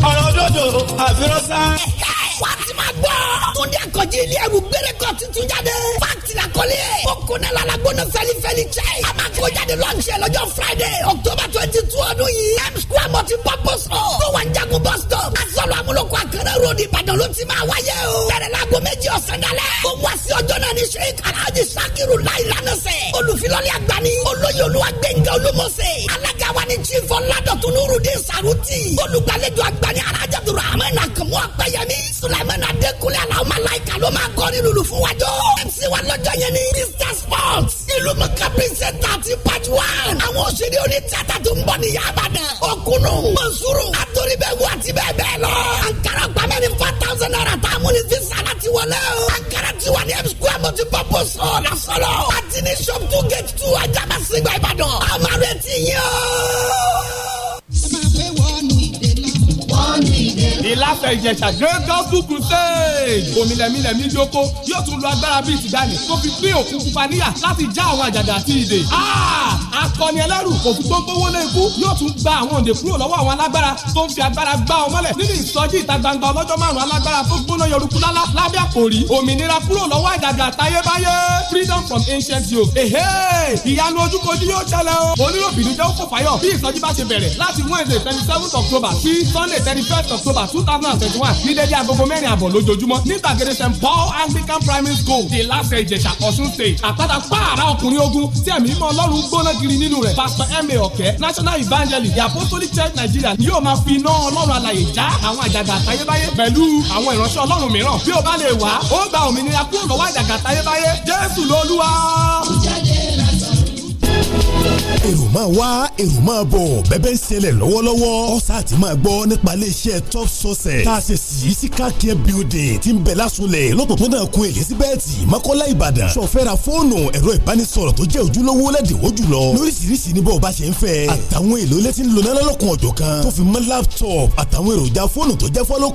ọ̀rọ̀ òdodo àfirọ́sá. ẹ̀ka ẹ̀ wá ti máa gbọ́. mo dẹ́ kọjí ilé ẹrù gbére kọ jáde. fáàtì la kọ́lé. ó kun náà lala gbóná fẹlifẹli cẹ́. a máa kó jáde lọ́ọ̀ṣẹ̀ lọ́jọ́ friday october twenty two ọdún yìí. m square multi purpose hall. tó wà ń jagun bus stop. a sọ̀rọ̀ àmúlòkọ àkẹrẹ rodi, ìbàdàn ló ti máa wáyé o. bẹ̀rẹ̀ la gbọ́ méjì ọ̀sán dalẹ̀. ó wá sí ọjọ́ náà ní sheik alhaji sakiru lai lanasẹ. olùfilọ́lẹ̀ agbani. olóyè olúwagbẹ̀ngà olúmọ̀sẹ̀. alága wa ni chief ọ̀làdọ̀tun nurudin saruti. olùgbàlejò agbani alhaji abdulrahman akamu akpẹyẹmí. sulaiman mọ̀ká ló máa kọrin lulu fún wájú. mc wa lọ́jọ́ yẹn ni mr sports ìlú mọ̀ká pínsẹ́tà ti part one. àwọn òṣèré oní tíátà tó ń bọ̀ ní yábàdàn. okunu mọ̀súrù àtòríbẹ̀wò àti bẹ́ẹ̀ bẹ́ẹ̀ lọ. ankara gbàmẹ́ ni four thousand naira tá a mú ní visa láti wọlé o. ankara ti wà ní m square multi purpose hall lásọ̀lọ̀. àti ní shop two gate two ajabasigba ìbàdàn. àmàlẹ́ ti yín ìlàfẹ́ ìjẹ̀ṣà great gospel crusade òmìnlẹ̀mílẹ̀mí jókòó yóò tún lo agbára bíi tìjànì tó fi pín òkú pupa níyà láti já àwọn àjàgà àti ìdè. Ah! akọni ẹlẹ́rù kò fi gbogbo owó lé ikú yóò tún gba àwọn òǹdè kúrò lọ́wọ́ àwọn alágbára tó ń fi agbára gbá ọ mọ́lẹ̀ nínú ìsọjí ìta gbangba ọlọ́jọ́ márùn-ún alágbára tó gbóná yọrùkú lálá lábẹ́ àkòrí òmìnira kúrò lọ́wọ́ àjàgà àtayébáyé freedom from ancient yoke. ehe ìyanu ojúkojú yóò ṣẹlẹ̀ o oníròbìnrin jẹ́ ó kò fáyọ̀ bí ìsọjí bá ṣe bẹ̀rẹ̀ láti wednesday twenty seven october sí sunday thirty First october two thousand and twenty one ní dédé agogo mẹ́rin àbọ̀ lójoojúmọ́ ní gbàgede st paul anglican primary school di láṣẹ ìjẹ̀ṣà ọ̀ṣun state àpáta pààrà ọkùnrin ogun tí ẹ̀mí mọ́ ọlọ́run gbóná kiri nínú rẹ̀ pastor ma ọ̀kẹ́ national evangelist the apostolic church nigeria ni yóò máa fi iná ọlọ́run alàyè já àwọn àjàgà àtayébáyé pẹ̀lú àwọn ìránṣẹ́ ọlọ́run mìíràn bí o bá lè wá ó gba òmìnira kúrò lọ́wọ́ àjàgà àtayébáyé jésù lolúwa èrò máa wá èrò máa bọ̀ bẹ́bẹ́ ń ṣẹlẹ̀ lọ́wọ́lọ́wọ́ ọ̀sà àti máa gbọ́ nípa iléeṣẹ́ top sources tá a ṣe sí sika building ti ń bẹ̀ lásùnlẹ̀ lọ́pọ̀pọ̀nà kun elizabeth makola ìbàdàn sọ̀fẹ́ra fóònù ẹ̀rọ ìbánisọ̀rọ̀ tó jẹ́ ojúlówó lẹ́dínwó jùlọ lóríṣiríṣi ní bọ́ọ̀ bá ṣe ń fẹ́ àtàwọn èlò ilé tí ń lò náà lọ́kùn ọ̀jọ̀ laptop àtàwọn èròjà fóònù tó jẹ́